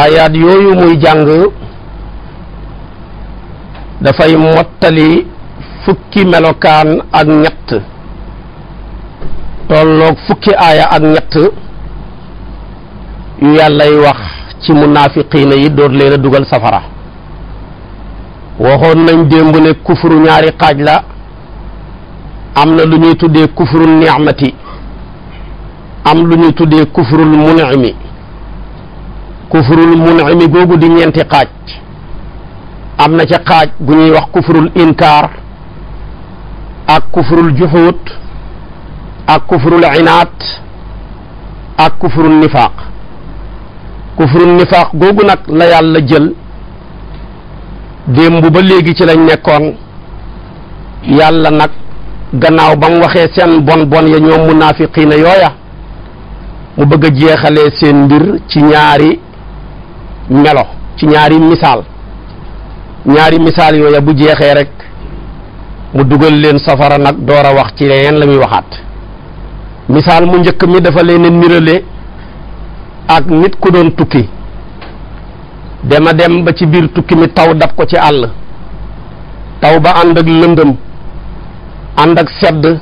aayaat yooyu muy jàng dafay mottali fukki melokaan ak ñett tolloog fukki aaya ak ñett yu yàllay wax ci munaafiqiina yi door leen dugal safara waxoon nañ démb ne kufru ñaari xaaj la am na lu ñuy tuddee kufrul ni'mati am lu ñuy tuddee kufrul mi kufrul mun'imi googu di ñeenti xaaj am na ca xaaj gu ñuy wax kufrul inkaar ak kufrul juxuut ak kufrul inaat ak kufrul nifaaq kufrul nifaaq googu nag la yàlla jël démb ba léegi ci lañ nekkoon yàlla nag gannaaw ba mu waxee seen bon bon ya ñoom munaafiqiina yooya mu bëgg a jeexalee seen mbir ci ñaari melo ci ñaari misal ñaari yo ya bu jexé rek mu duggal leen safara nak doora wax ci leneen lamuy waxat misal mu ñëk mi dafa leen a ak nit ku doon tukki dema dem ba ci bir tukki mi taw dab ko ci àll taw ba and ak lëndëm and ak sedd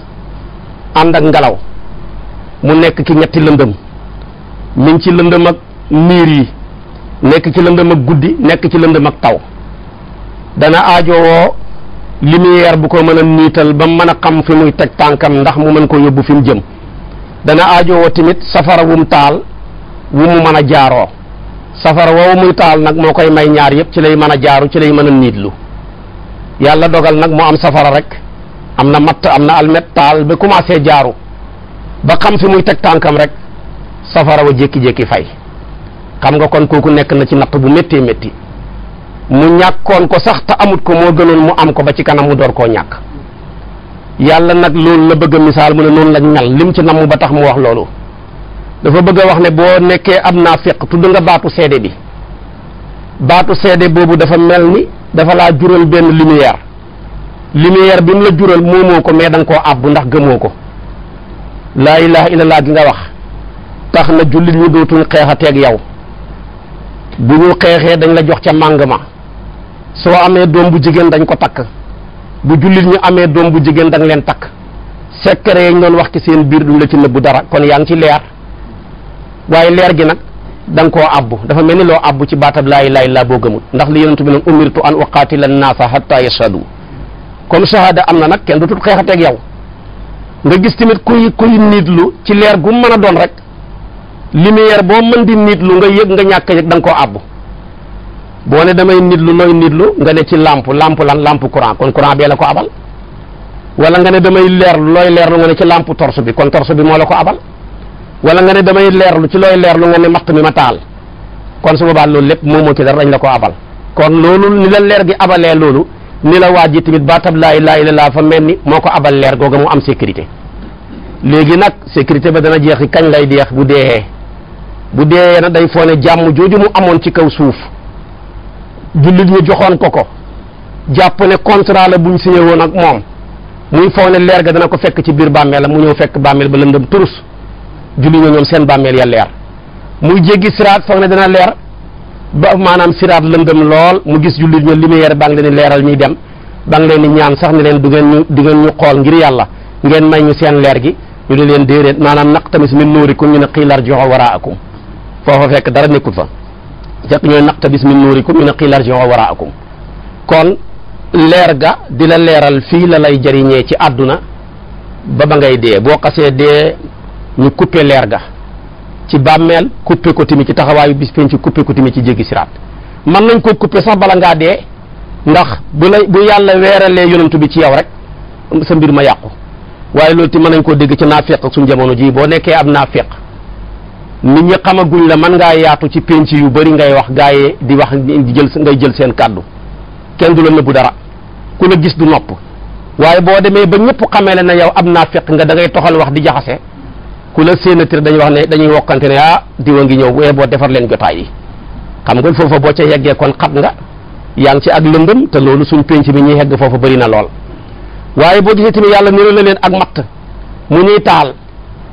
and ak ngalaw mu nekk ci ñetti lëndëm mi ci lëndëm ak nekk ci lëndëm ak guddi nekk ci lëndam ak taw dana aajowoo lumière bu ko mën a niital ba mu mën a xam fi muy teg tànkam ndax mu mën ko yóbbu fi mu jëm dana aajowoo tamit safara wum taal wu mu mën a jaaroo safara woowu muy taal nag moo koy may ñaar yëpp ci lay mën a jaaru ci lay mën a niitlu yàlla dogal nag mu am safara rek am na matt am na almet taal ba commencé jaaru ba xam fi muy teg tànkam rek safara wa jékki-jékki fay xam nga kon koku nek na ci natt bu metti metti mu ñakkon ko sax ta amut ko mo gënoon mu am ko ba ci kanam mu dor ko ñak yalla nak lool la bëgg misal mu ne non lañ mel lim ci namm ba tax mu wax loolu dafa bëgg wax ne nekké am na fiq tudd nga batu cede bi batu cede bobu dafa melni dafa la jural ben lumière lumière bi la jural moomoo ko me dang ko ab ndax gëmoko la ilaha illallah nga wax tax na ñu ñi dootuñ ak yow bu ñu xeexee dañ la jox ca màng ma soo amee doom bu jigéen dañ ko takk bu jullit ñu amee doom bu jigéen dañ leen takk secret yañ doon wax ci seen biir duñ la ci nëbbu dara kon yaa ngi ci leer waaye leer gi nag da koo abbu dafa mel ni loo abbu ci baatab laa ilaaha illallaa boo gëmul ndax li yonent bi nag umirtu an uqaatila naasa hatta yashhadu comme shahada am na nag kenn du tut xeexateeg yow nga gis tamit kuy kuy niitlu ci leer gu mën a doon rek lumière boo mën di lu nga yëg nga ñàkk yëg da nga koo àbb boo ne damay nitlu nooy lu nga ne ci lampe lampe lan lampe courant kon courant bee la ko abal wala nga ne damay leer leerlu looy leerlu nga ne ci lampe torche bi kon bi moo la ko abal wala nga ne damay leerlu ci looy leerlu nga ne matt mi ma taal kon su boobaa loolu lépp moo ci dara dañ la ko abal kon loolu ni la leer gi abalee loolu ni la waa ji tamit baatab laa ilaaha illallaah fa mel ni moo ko abal leer googa mu am sécurité léegi nag sécurité ba dana jeexi kañ lay jeex bu dee bu deeyee na day foone jàmm jooju mu amoon ci kaw suuf jullit ñu joxoon ko ko jàpp ne contrat la buñ signé woon ak moom muy foone leer ga dana ko fekk ci biir bàmmeel la mu ñëw fekk bàmmeel ba lëndëm turus jullit ña ñoom seen bàmmeel ya leer muy jéggi siraat foog ne dana leer ba maanaam siraat lëndëm lool mu gis jullit ña lumière baa ngi leen leeral ñuy dem baa ngi leen ñaan sax ne leen du ngeen ñu du ngeen ñu xool ngir yàlla ngeen may ñu seen leer gi ñu di leen déedéet maanaam naq tamit min nuurikum ñu ne xiilar joxo waraakum foofa fekk dara nekkul fa fekk ñooy naqtabis min nuurikum nunaqil a waraakum kon leer ga di la leeral fii la lay jëriñee ci àdduna ba ba ngay dee boo xasee dee ñu coupé leer ga ci bàmmeel coupé ko tamit ci taxawaayu bis penc ci coupé ko tamit ci jéggi siraat mën nañ koo coupé sax bala ngaa dee ndax bu la bu yàlla weeralee yonantu bi ci yow rek sa mbir ma yàqu waaye loolu ti mën nañ koo dégg ci naafeq ak suñ jamono jii boo nekkee ab naafeq nit ñi xamaguñ la man ngaa yaatu ci penc yu bari ngay wax gaa yi di wax di jël ngay jël seen kàddu kenn du la nëbbu dara ku la gis du nopp waaye boo demee ba ñëpp xamee la na yow am naa fekk nga da ngay toxal wax di jaxase ku la séenatir dañuy wax ne dañuy wokkante ne ah diwa ngi ñëw wee boo defar leen jotaay yi xam nga foofa boo ca yeggee kon xat nga yaa ngi ci ak lëndëm te loolu suñ penc mi ñuy yegg foofa bëri na lool waaye boo gisee tamit yàlla niroo la leen ak matt mu taal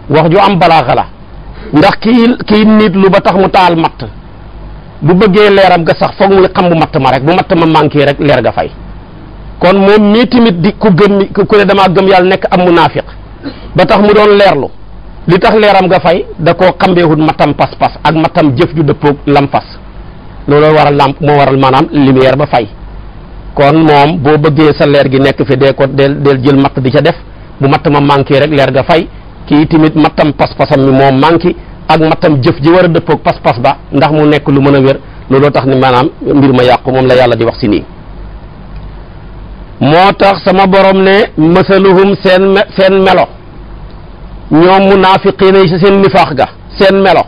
wax ju am balaaxa la ndax ki ki nit lu ba tax mu taal mat bu bëggee léram ga sax fogg mu xam bu mat ma rek bu mat ma manqué rek lér ga fay kon moom mi timit di ku gëm ku ne dama gëm yalla nek am munafiq ba tax mu doon lérlu li tax léram ga fay da xambé hun matam pas-pas ak matam jëf ju deppok lam fas lolo waral lamp mo waral manam lumière ba fay kon mom bo bëggee sa lér gi nek fi dé ko del del jël mat di ca def bu mat ma manqué rek lér ga fay ki timit matam pas pasam mi mo manki ak matam jëf ji wara dëppok pas pas ba ndax mu nekk lu mëna wër loolu tax ni manam mbir ma yaq mom la yalla di wax sama borom ne masaluhum sen sen melo ñom munafiqina ci sen sen ga sen melo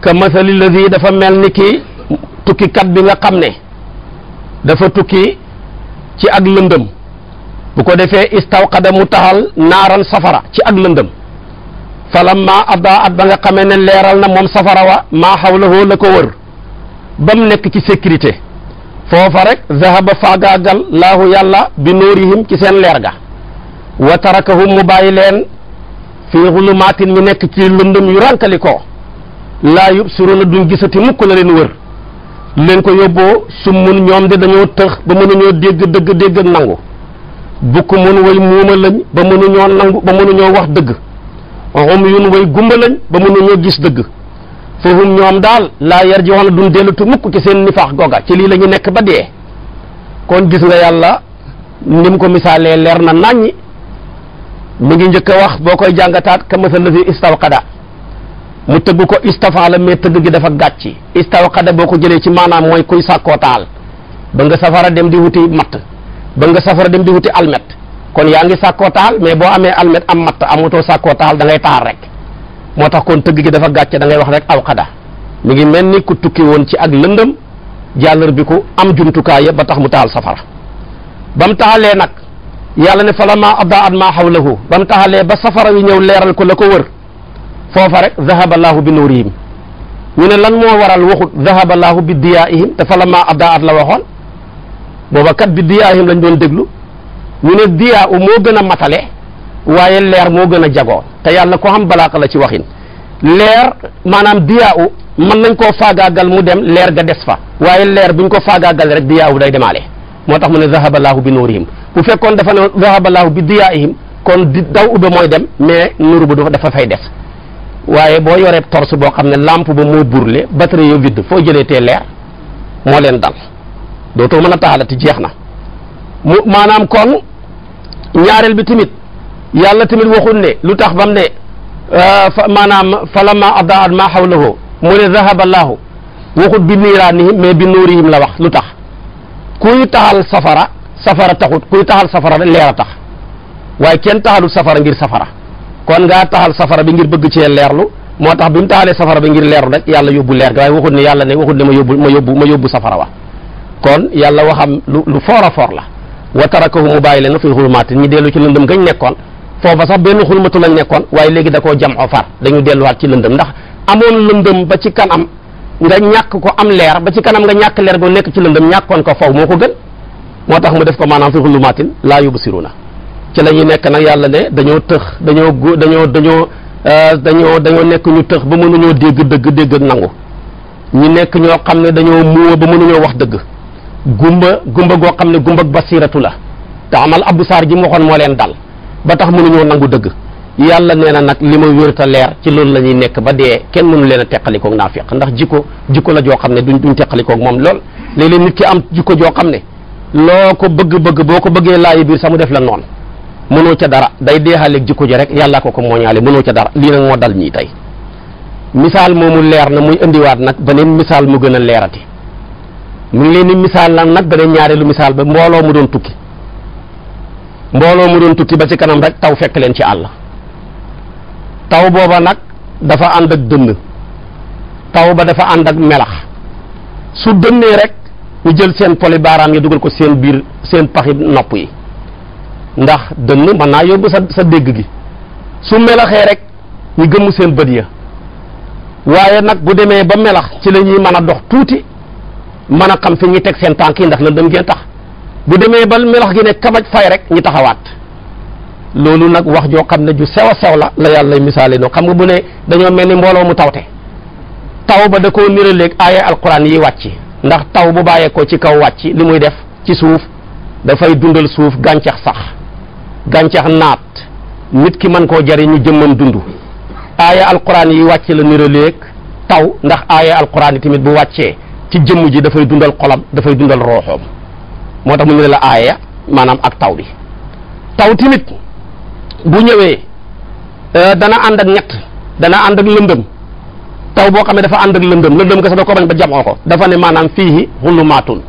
ka masali ladi dafa melni ki tukki kat bi nga xamne dafa tukki ci ak lendeum bu ko defee istawqada mu taxal naaran safara ci ak lëndëm falamma addaa at ba nga xamee ne leeral na moom safara wa maa xawlahoo la ko wër ba mu nekk ci sécurité foofa rek zahaba faagaagal laahu yàlla bi nuurihim ci seen leer ga wa tarakahum mu bàyyi leen fii xulumaatin mi nekk ci lëndëm yu rànkali ko laa yubsiruuna duñ gisati mukk la leen wër leen ko yóbboo summun ñoom de dañoo tëx ba mënuñoo dégg dëgg dégg nangu bukk mun way muuma lañ ba mënuñoo nangu ba mënuñoo wax dëgg xum yun way gumba lañ ba mënuñoo gis dëgg foofu ñoom daal laa yar ji wax na duñ dellutu mukk ci seen nifaax googa ci lii la ñu nekk ba dee kon gis nga yàlla ni ko misaalee leer na nàññi mi ngi njëkk wax boo koy jàngataat ka masal la fi istawqada mu tëgg ko istafaala mais tëgg gi dafa gàcci istawqada boo ko jëlee ci maanaam mooy kuy sàkkoo taal ba nga safara dem di wuti matt ba nga safara dem di wuti almet kon yaa ngi sàkkoo taal mais boo amee almet am matt amutoo sàkkoo taal da ngay rek moo tax kon tëgg gi dafa gàcce da ngay wax rek awqada mu ngi mel ni ku tukki woon ci ak lëndëm jàllar ku am jumtukaay yëpp ba tax mu taal safara ba mu taxalee nag yàlla ne falammaa adaa'at maa hawlahu ba mu taxalee ba safara wi ñëw leeral ko la ko wër foofa rek zahaba laahu bi nuurihim ñu ne lan moo waral waxut zahaba laahu bi diyaa'ihim te falammaa adaa'at la waxoon booba kat bi diyaahim lañ doon déglu ñu ne diyaa u moo gën a matale waaye leer moo gën a jagoo te yàlla ko xam balaaxa la ci waxin leer maanaam diyaa u mën nañ koo faagaagal mu dem leer ga des fa waaye leer bi buñ ko faagaagal rek diyaa u day demaale moo tax mu ne zahabalaahu bi nuurihim bu fekkoon dafa ne zahabalaahu bi diyaahim kon di daw ubba mooy dem mais nuuru bu dafa fay des waaye boo yoree torche boo xam ne làmp ba moo burle batterie yo vide foo jëlee tee leer moo leen dal dootoo mën a ti jeex na mu maanaam kon ñaareel bi tamit yàlla tamit waxul ne lu tax bam ne euh, maanaam falamma adaat ma hawlahu mu ne zahaba allahu waxut bi niiraanihim mais bi nuurihim la wax lu tax kuy taxal safara safara taxut kuy taxal safara leer a tax waaye kenn taxalut safara ngir safara kon ngaa taxal safara bi ngir bëgg cee leerlu moo tax bi mu taxalee safara bi ngir leerlu rek yàlla yóbbu leer ga waaye waxut ne yàlla ne waxut ne ma yóbbu ma yóbbu ma yóbbu safara kon yàlla waxam lu lu foor a foor la wa tarakahu mu bàyyi leen fi xulumaatin ñi dellu ci lëndëm gañ nekkoon foofa sax benn xulmatu lañ nekkoon waaye léegi da koo jamoo faat dañu delluwaat ci lëndëm ndax amoon lëndëm ba ci kanam nga ñàkk ko am leer ba ci kanam nga ñàkk leer go nekk ci lëndëm ñàkkoon ko faw moo ko gën moo tax mu def ko maanaam fi xulumaatin laa na ci la ñuy nekk nag yàlla ne dañoo tëx dañoo gu dañoo dañoo euh, dañoo dañoo nekk ñu tëx ba mënuñoo dégg dëgg dégg ak ñu nekk ñoo xam ne dañoo muuwa ba mënuñoo wax dëgg gumba gumba goo xam ne gumba basiratu la te amal saar ji mu waxoon moo leen dal ba tax mënuñoo nangu dëgg yàlla nee na nag li ma wérta leer ci loolu la ñuy nekk ba dee kenn mënu leen a teqalikoog naafiq ndax jikko jikko la joo xam ne duñ duñ teqalikoog moom lool léeg-léeg nit ki am jikko joo xam ne loo ko bëgg-bëgg boo ko bëggee laayi biir sama def la noon mënoo ca dara day deexaaleeg jikko ji rek yàllaa ko ko mooñaale mënoo ca dara lii nag moo dal ñii tey misaal moomu leer na muy indiwaat nag beneen misaal mu gën a leerati mu ngi leen misal nak lan nag dana ñaareelu misal ba mbolo mu doon tukki mbolo mu doon tukki ba ci kanam rek taw fekk leen ci Allah taw boba nak dafa and ak dënd taw ba dafa and ak melax su dënnee rek ñu jël seen poli baram yi duggal ko seen bir seen paxi nopp yi ndax dënd mën na yobbu sa sa dégg gi su melaxé rek ñu gëm seen ya bu démé ba melax ci lañuy mëna dox tuuti mana a xam fi yang teg seen tànk yi ndax lan dem gee tax bu demee ba melax gi ne kabaj fay rek ñu taxawaat loolu nag wax joo xam ne ju sew sew la la yàlla lay misaale xam nga bu ne dañoo mel ni mu tawte taw ba da koo niraleeg alquran yi wàcc ndax taw bu ko ci kaw wàcc li muy def ci suuf dafay dundal suuf gàncax sax gàncax naat nit ki ko koo jariñu jëmmam dund alquran yi wàcc la niraleeg taw ndax aaya alquran yi tamit bu wàccee ci jëmm ji dafay dundal xolam dafay dundal rooxoom moo tax mu ne la aaya maanaam ak taw bi taw tamit bu ñëwee euh, dana ànd ak ñett dana ànd ak lëndëm taw boo xam ne dafa ànd ak lëndëm lëndëm kese da ko bañ ba jamoo ko dafa ne maanaam fiihi xulumaatun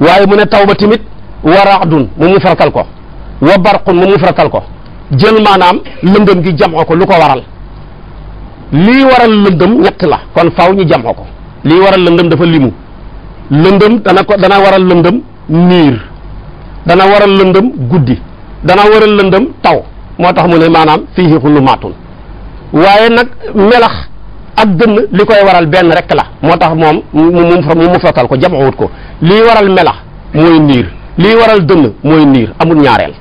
waaye mu ne taw ba tamit wa raxdun mu ko wa barqun mu mu ko jël maanaam lëndëm gi jamoo ko lu ko waral lii waral lëndëm ñett la kon faw ñu jamoo ko li waral lëndëm dafa limu lëndëm dana ko dana waral lëndëm nir dana waral lëndëm guddi dana waral lëndëm taw motax tax mu ne maanaam fiihi xulumaatun waaye nag melax ak deun likoy waral ben rek la motax mom mu mu mu fatal ko jamawut ko li waral melax moy nir li waral deun moy nir amul ñaarel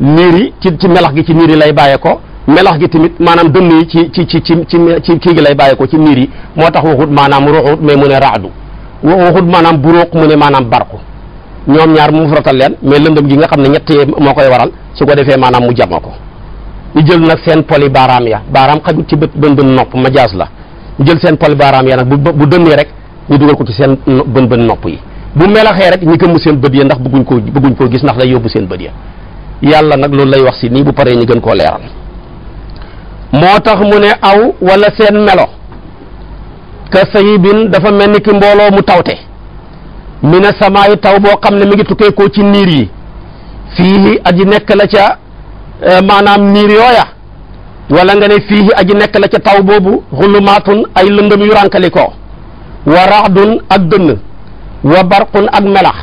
niri ci ci melax gi ci niri lay baye ko melax gi timit manam dënn yi ci ci ci ci ci ki gi lay bàyyi ko ci miri motax waxut manam ruxut me mu ne raadu waxut manam buruq mu manam barku ñom ñaar mu faratal len me lendum gi nga xamne ne ñett moo koy waral su ko defé manam mu jamako ñu jël nak sen poli baaraam ya baram xaju ci bët bën nopp ma jaas la ñu jël sen poli baaraam ya nak bu bu rek ñu duggal ko ci sen bën bën nopp yi bu melaxé rek ñi gëmm sen bët ya ndax bëgguñ ko bëgguñ ko gis ndax la yobbu sen bët ya yalla nak loolu lay wax ci ni bu paré ñu gën ko leral moo tax mu ne aw wala seen melo ka sayibin dafa mel ni ki mbooloo mu tawte mu mina samaayi taw boo xam ne mi ngi tukkee ko ci niir yi fii aji nekk la ca eh, maanaam niir yooya walla nga ne fii aji nekk la ca taw boobu xulumaatun ay lëndëm yu rànkali ko wa raxdun ak dënn wa barqun ak melax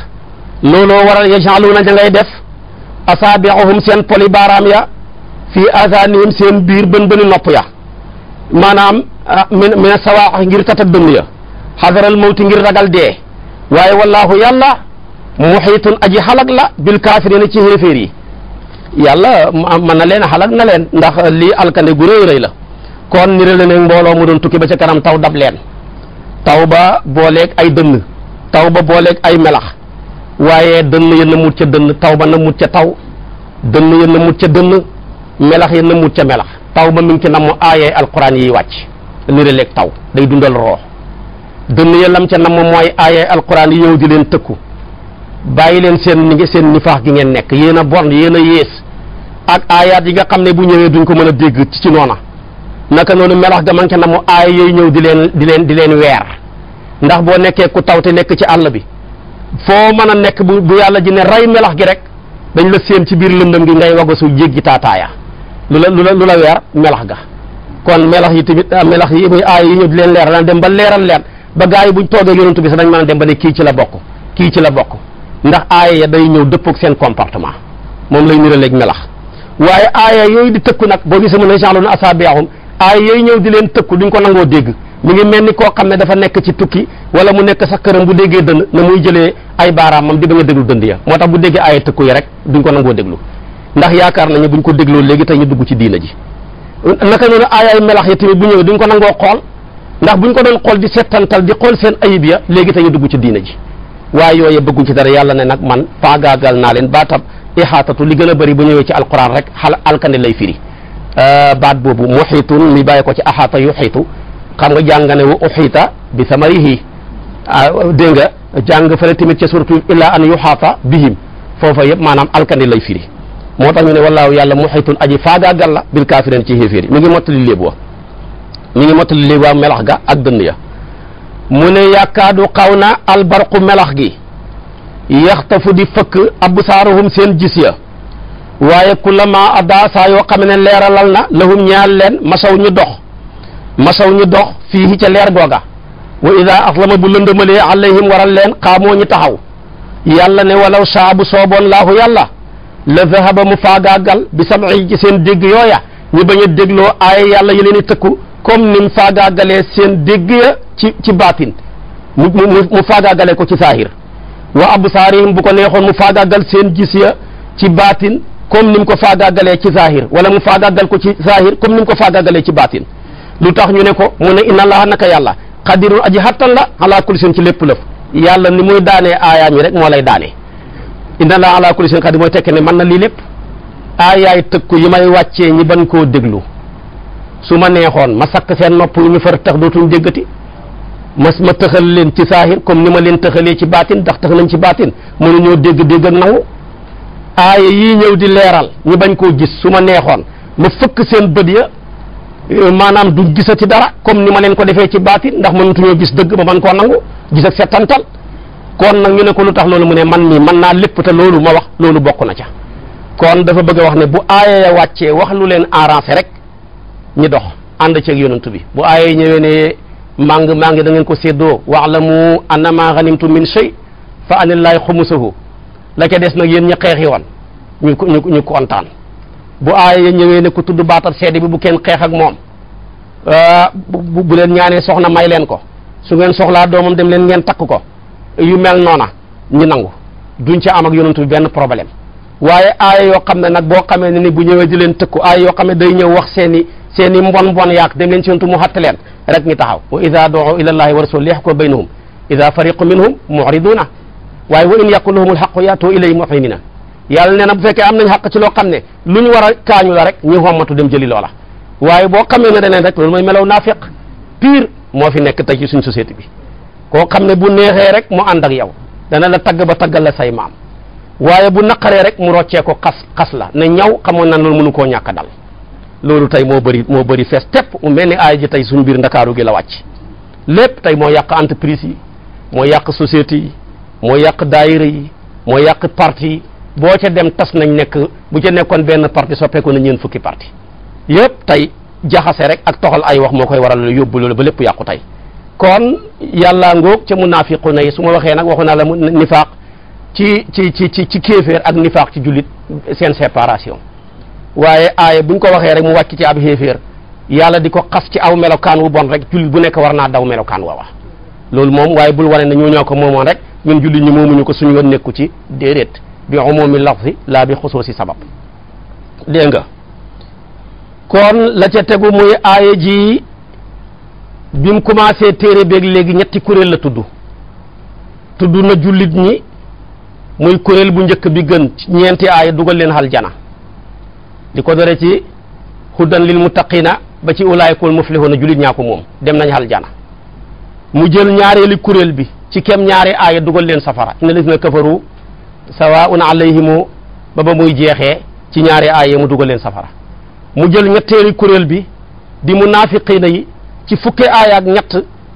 looloo waral yajaaluuna da ngay def asaabiahum seen poli ya fii asaanihim seen biir bën bëni nopp ya maanaam min ah, mina sawaax ngir tatak dënd ya xadaral mawti ngir ragal dee waaye wallaahu yàlla muxiitun aji xalag la bil kaafiriina ci xéeféer yi yàlla mën na leen xalag na leen ndax lii alkande gu rey la kon nire la ne mbooloo mu doon tukki ba ca kanam taw dab leen taw ba booleeg ay dënn taw ba booleeg ay melax waaye dënn ya na ca dënn taw ba na ca taw dënn ya na mut ca dënn melax yi namut ca melax taw ba mi ngi ci namm aayee alquran yiy wàcc nireléeg taw day dundal roox dënn ya lam ca namm mooy aayee alquran yi ñëw di leen tëkku bàyyi leen seen ni seen nifaax gi ngeen nekk yéen a bon yéen a yées ak aayaat yi nga xam ne bu ñëwee duñ ko mën a dégg ci noona naka noonu melax ga ma ngi ca namm aaya yooyu ñëw di leen di leen di leen weer ndax boo nekkee ku taw ti nekk ci àll bi foo mën a nekk bu bu yàlla ji ne rey melax gi rek dañ la séen ci biir lëndëm gi ngay wago su jéggi lu lula lula la lu la ya, melax ga kon melax yi tamit eh, melax yi ah, muy aay yi ñu di leen leer daan dem ba leeral leen ba gars yi buñ toogee yonent bi sax dañ mën a dem ba ne kii ci la bokk kii ci la bokk ndax aaya ah, ya day ñëw dëppoog seen comportement moom lay niraleeg melax waaye aaya ah, yooyu di tëkku nag boo gisee mën a jaaxlu na asaabiyaxum aaya di leen tëkku duñ ko nangoo mi ngi dafa ci tukki wala mu bu dënd na muy ay di ba nga déglu dënd ya bu yi ya ya rek duñ ko déglu ndax yaakaar nañu buñ ko dégloo léegi tey ñu dugg ci diina ji naka noonu aayaay melax ya tamit bu ñëwee duñ ko nangoo xool ndax buñ ko doon xool di settantal di xool seen ayib ya léegi tañu ñu dugg ci diina ji waaye yooye bëgguñ ci dara yàlla ne nag man faagaagal naa leen baatab ihaatatu li gën a bëri bu ñëwee ci alquran rek xal alkande lay firi euh, baat boobu muxiitun mi bàyyi ko ci ahaata yu xiitu xam nga jàng ne wa uxiita bi samarihi euh, dégg nga jàng fële tamit ca surtout illa an yuhaata bihim foofa yëpp maanaam alkande lay firi moo tax ñu ne wallaahu yàlla muhitun aji faagaagal la bil kaafiriin ci xéeféer yi mi ngi mottali léeb wa mi ngi mottali léeb wa melax ga ak dënd ya mu ne yàkkaadu xaw na albarqu melax gi yaxtafu di fëkk absaaruhum seen gis ya waaye kullama adaa saa yoo xam ne leeralal na lahum ñaal leen masaw ñu dox masaw ñu dox fii ca leer googa wa ida aslama bu lëndëmalee alayhim waral leen xaamoo ñu taxaw yàlla ne walaw saabu sooboon laahu yàlla la zahaba mu faagaagal bi sam'i ci seen dégg yooya ñu bañ a dégloo aaya yàlla yi leen di tëkku comme ni mu seen dégg ya ci ci baatin mu mu mu faagaagalee ko ci saahir wa absaarihim bu ko neexoon mu faagaagal seen gis ya ci baatin comme ni mu ko faagaagalee ci saahir wala mu faagaagal ko ci saahir comme ni mu ko faagaagalee ci baatin lu tax ñu ne ko mu ne inna allaha naka yàlla xadirun aji xattan la ala kulli seen ci lépp lëf yàlla ni muy daanee aayaam yi rek moo lay daanee inna laa ala kulli shay'in qadir mooy tekki ne mën na lii lépp aayaay tëkku yi may wàccee ñi ban koo déglu su ma neexoon ma sakk seen nopp ñu far tax dootuñ déggati ma ma tëxal leen ci saahir comme ni ma leen tëxalee ci baatin ndax tax nañ ci baatin mënuñoo dégg dégg ak nangu aaya yii ñëw di leeral ñu bañ koo gis su ma neexoon ma fëkk seen bët ya euh, maanaam du gisati dara comme ni ma leen ko defee ci baatin ndax mënatuñoo gis dëgg ma mën koo nangu gis ak kon nak ñu ne ko lutax lolu mu ne man mi man na lepp te lolu ma wax lolu bokku na ca kon dafa bëgg wax ne bu ayé ya wàccee wax lu leen arrangé rek ñi dox ci ak bi bu ayé ñëwé ne mang mang da ngeen ko séddoo waalamu anama ghanimtu min shay fa anillahi khumsuhu la ca dess nak yeen ñi xeexi woon ñu ñu ñu kontaan bu ayé ya ne ko tuddu batar bi bu kenn xex ak euh bu leen ñaané soxna may leen ko su ngeen soxla doomam dem leen ngeen yu mel noona ñi nangu duñ ci am ak yonent bi benn problème waaye aaya yoo xam ne nag boo xamee ne ni bu ñëwee di leen tëkku aaya yoo xam ne day ñëw wax seen seen i mbon mbon yaak dem leen ci yonent mu xatt leen rek ñi taxaw wa ida doo ila allahi wa rasuli liyahkuma baynahum ida fariqu minhum muriduna waaye wa in yakun lahum alxaqu yaatu ilay muxminina yàlla nee na bu fekkee am nañ xaq ci loo xam ne lu ñu war a kaañu la rek ñu xommatu dem jëli loola waaye boo xamee ne daneen rek loolu mooy melaw naafiq pire moo fi nekk tey ci suñ société bi koo xam ne bu neexee rek mu ànd ak yow dana la tagg ba taggal la say maam waaye bu naqaree rek mu roccee ko xas xas la ne ñaw xamoon na loolu mënu koo ñàkk dal loolu tey moo bëri moo bëri fees tepp mu mel ni aay ji tey suñu biir ndakaaru gi la wàcc lépp tey moo yàq entreprise yi moo yàq société yi moo yàq daayira yi moo yàq parti yi boo ca dem tas nañ nekk bu ca nekkoon benn parti soppeeku na ñeen fukki parti yëpp tey jaxase rek ak toxal ay wax moo koy waral yóbbu loolu ba lépp yàqu tey kon yàlla ngoog ca munaafiquna yi su ma waxee nag waxu naa la mu ci ci ci ci ci kéeféer ak nifaaq ci jullit seen séparation waaye aaya buñ ko waxee rek mu wàcc ci ab xéeféer yàlla di ko xas ci aw melokaan wu bon rek jullit bu nekk war naa daw melokaan wa wax loolu moom waaye bul wane ne ñoo ñoo ko moomoon rek ñun jullit ñi moomuñu ko suñu yoon nekku ci déedéet bi umumi lafzi laa bi xusuusi sabab dégg nga kon la ca tegu muy aaya ji bi mu commencé téere beeg léegi ñetti kuréel la tudd tudd na jullit ñi muy kuréel bu njëkk bi gën ñeenti aaya dugal leen aljana di ko dore ci hudan lil muttaqina ba ci ulaayikul muflihuna jullit ñaa ko moom dem nañ aljana mu jël ñaareeli kuréel bi ci kem ñaari aaya dugal leen safara inna lisna kafaru sawaun alayhimu ba ba muy jeexee ci ñaari aaya mu dugal leen safara mu jël ñetteeli kuréel bi di munaafiqiina yi ci fukki aaya ak ñett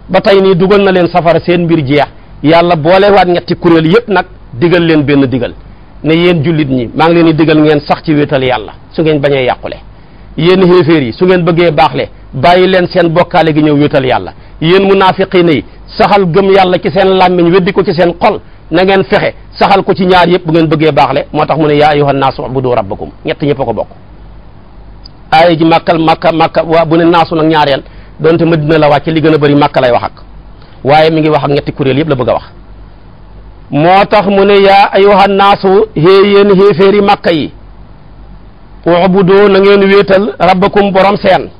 ba tey nii dugal na leen safara seen mbir jeex yàlla boole waat ñetti kuréel yépp nag digal leen benn digal ne yéen jullit ñi maa ngi leen di digal ngeen sax ci wéetal yàlla su ngeen bañee yàqule yéen xéeféer yi su ngeen bëggee baaxle bàyyi leen seen bokkaale gi ñëw wéetal yàlla yéen munaafiqiin yi saxal gëm yàlla ci seen làmmiñ weddi ko ci seen xol na ngeen fexe saxal ko ci ñaar yëpp bu ngeen bëggee baaxle moo tax mu ne yaa ayyuhan naasu ubudu rabbakum ñett ñëpp a ko bokk aaya ji màkkal màkka màkka bu ne naasu nag ñaareel donte Madina la wàcce li gën a bëri Makka lay wax ak waaye mi ngi wax ak ñetti kuréel yëpp la bëgga a wax moo tax mu ne yaa ay ayyuhan naasu xée yéen xéeféeri Makka yi ubudu na ngeen wéetal rabbakum borom seen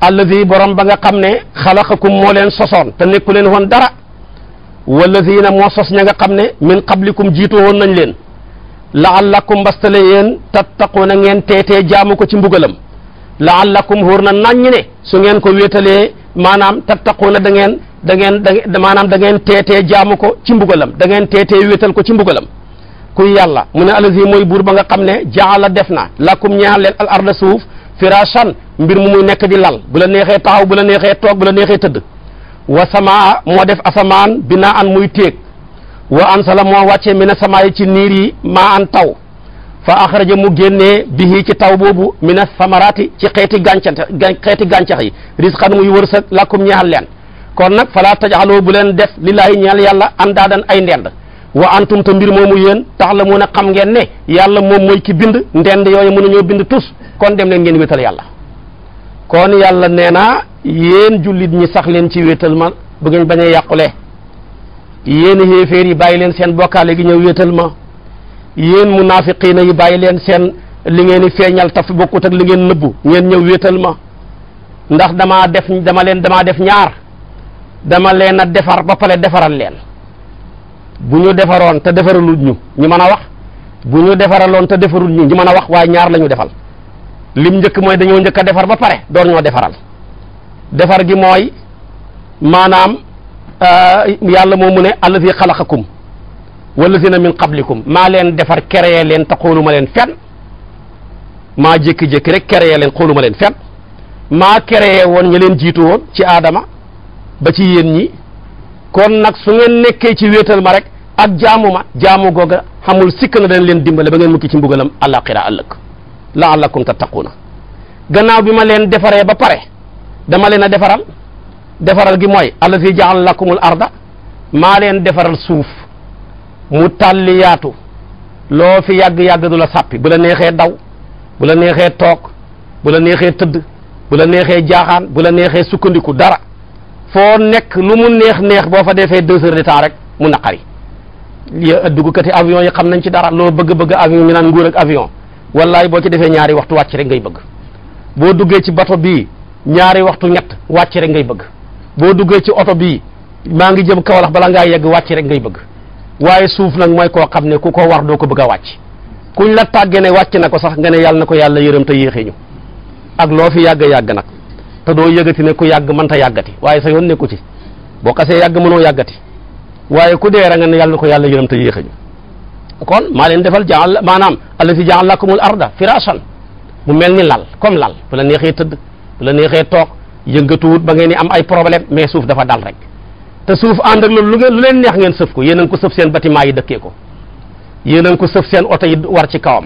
allazi borom ba nga xam ne xalaqakum moo leen sosoon te nekku leen woon dara wallazina moo sos ña nga xam ne min qablikum jiitu woon nañ leen la laallakum mbastale yéen tattaquuna ngeen teetee jaamu ko ci mbugalam laa laallakum hóor na naññ ne su ngeen ko wéetalee maanaam tattaquuna da ngeen da ngeen da maanaam da ngeen teetee jaamu ko ci mbugalam da ngeen teetee wetal ko ci mbugalam ku yàlla mu ne alazi mooy buur ba nga xam ne jaala def na lakum ñaar leen al arda suuf firaasan mbir mu muy nekk di lal bu la neexee taaw bu la neexee toog bu la neexee tëdd wa samaa moo def asamaan binaa an muy téeg wa ansala moo wàccee mina samaa yi ci niir yi maa an taw fa axraja mu génne bihi ci taw boobu mina samaraati ci xeeti gàncax xeeti gàncax yi risqan muy wërsëg lakum ñaal leen kon nag falaa tajaxaloo bu leen def lillaahi ñaal yàlla andaadan ay ndend wa antum te mbir moomu yéen tax la mun a xam ngeen ne yàlla moom mooy ki bind ndend yooyu mën a ñoo bind tus kon dem leen ngeen wétal yàlla kon yàlla nee naa yéen jullit ñi sax leen ci wétal ma bu ngeen bañ a yàqule yéen xéeféer yi bàyyi leen seen bokkaale gi ñëw wétal yéen munaafiqiina yi bàyyi leen seen li ngeen di feeñal taf bokkut ak li ngeen nëbbu ngeen ñëw wéetal ma ndax damaa def dama leen damaa def ñaar dama leen a defar ba pare defaral leen bu ñu defaroon te defaralul ñu ñu mën a wax bu ñu defaraloon te defarul ñu ñu mën a wax waaye ñaar la ñu defal lim njëkk mooy dañoo njëkk a defar ba pare door ñoo defaral defar gi mooy maanaam euh, yàlla moo mu ne allazi xalaqakum wallazina min qablikum maa leen defar créé leen te xooluma leen fenn maa jékki-jékki rek créé leen xooluma leen fenn maa créé woon ña leen jiitu woon ci aadama ba ci yéen ñi kon nag su ngeen nekkee ci wéetal ma rek ak jaamu ma jaamu googa xamul sikk na dañ leen dimbale ba ngeen mukki ci mbugalam àllaaxira ëllëg laallakum tattaquuna gannaaw bi ma leen defaree ba pare dama leen a defaral defaral gi mooy allazi jaal lakumul arda maa leen defaral suuf mu tàlli yaatu loo fi yàgg-yàgg du la sàppi bu la neexee daw bu la neexee toog bu la neexee tëdd bu la neexee jaaxaan bu la neexee sukkandiku dara foo nekk lu mu neex neex boo fa defee deux heures de temps rek mu naqari duggkati avion yi xam nañ ci dara loo bëgg-bëgg avion ñu naan nguur ak avion wallaay boo ci defee ñaari waxtu wàcc rek ngay bëgg boo duggee ci bato bii ñaari waxtu ñett wàcc rek ngay bëgg boo duggee ci oto bii maa ngi jëm Kaolack bala ngaa yegg wàcc rek ngay bëgg waaye suuf nag mooy koo xam ne ku ko war doo ko bëgg a ku kuñ la tàggee ne wàcc na ko sax nga ne yàlla na ko yàlla yërëm te yéexee ñu ak loo fi yàgg yàgg nag te doo yëgati ne ku yàgg mënta yàggati waaye sa yoon nekku ci boo xasee yàgg mënoo yàggati waaye ku dee ra nga ne yàlla na ko yàlla yërëm te yéexee kon maa leen defal jaal maanaam allati jaal lakumul arda firaasan mu mel ni lal comme lal bu la neexee tëdd bu la neexee toog yëngatuwut ba ngeen ni am ay problème mais suuf dafa dal rek te suuf ànd ak loolu lu ngeen leen neex ngeen sëf ko yéen ko sëf seen bâtiment yi dëkkee ko yéen a ko sëf seen oto yi war ci kawam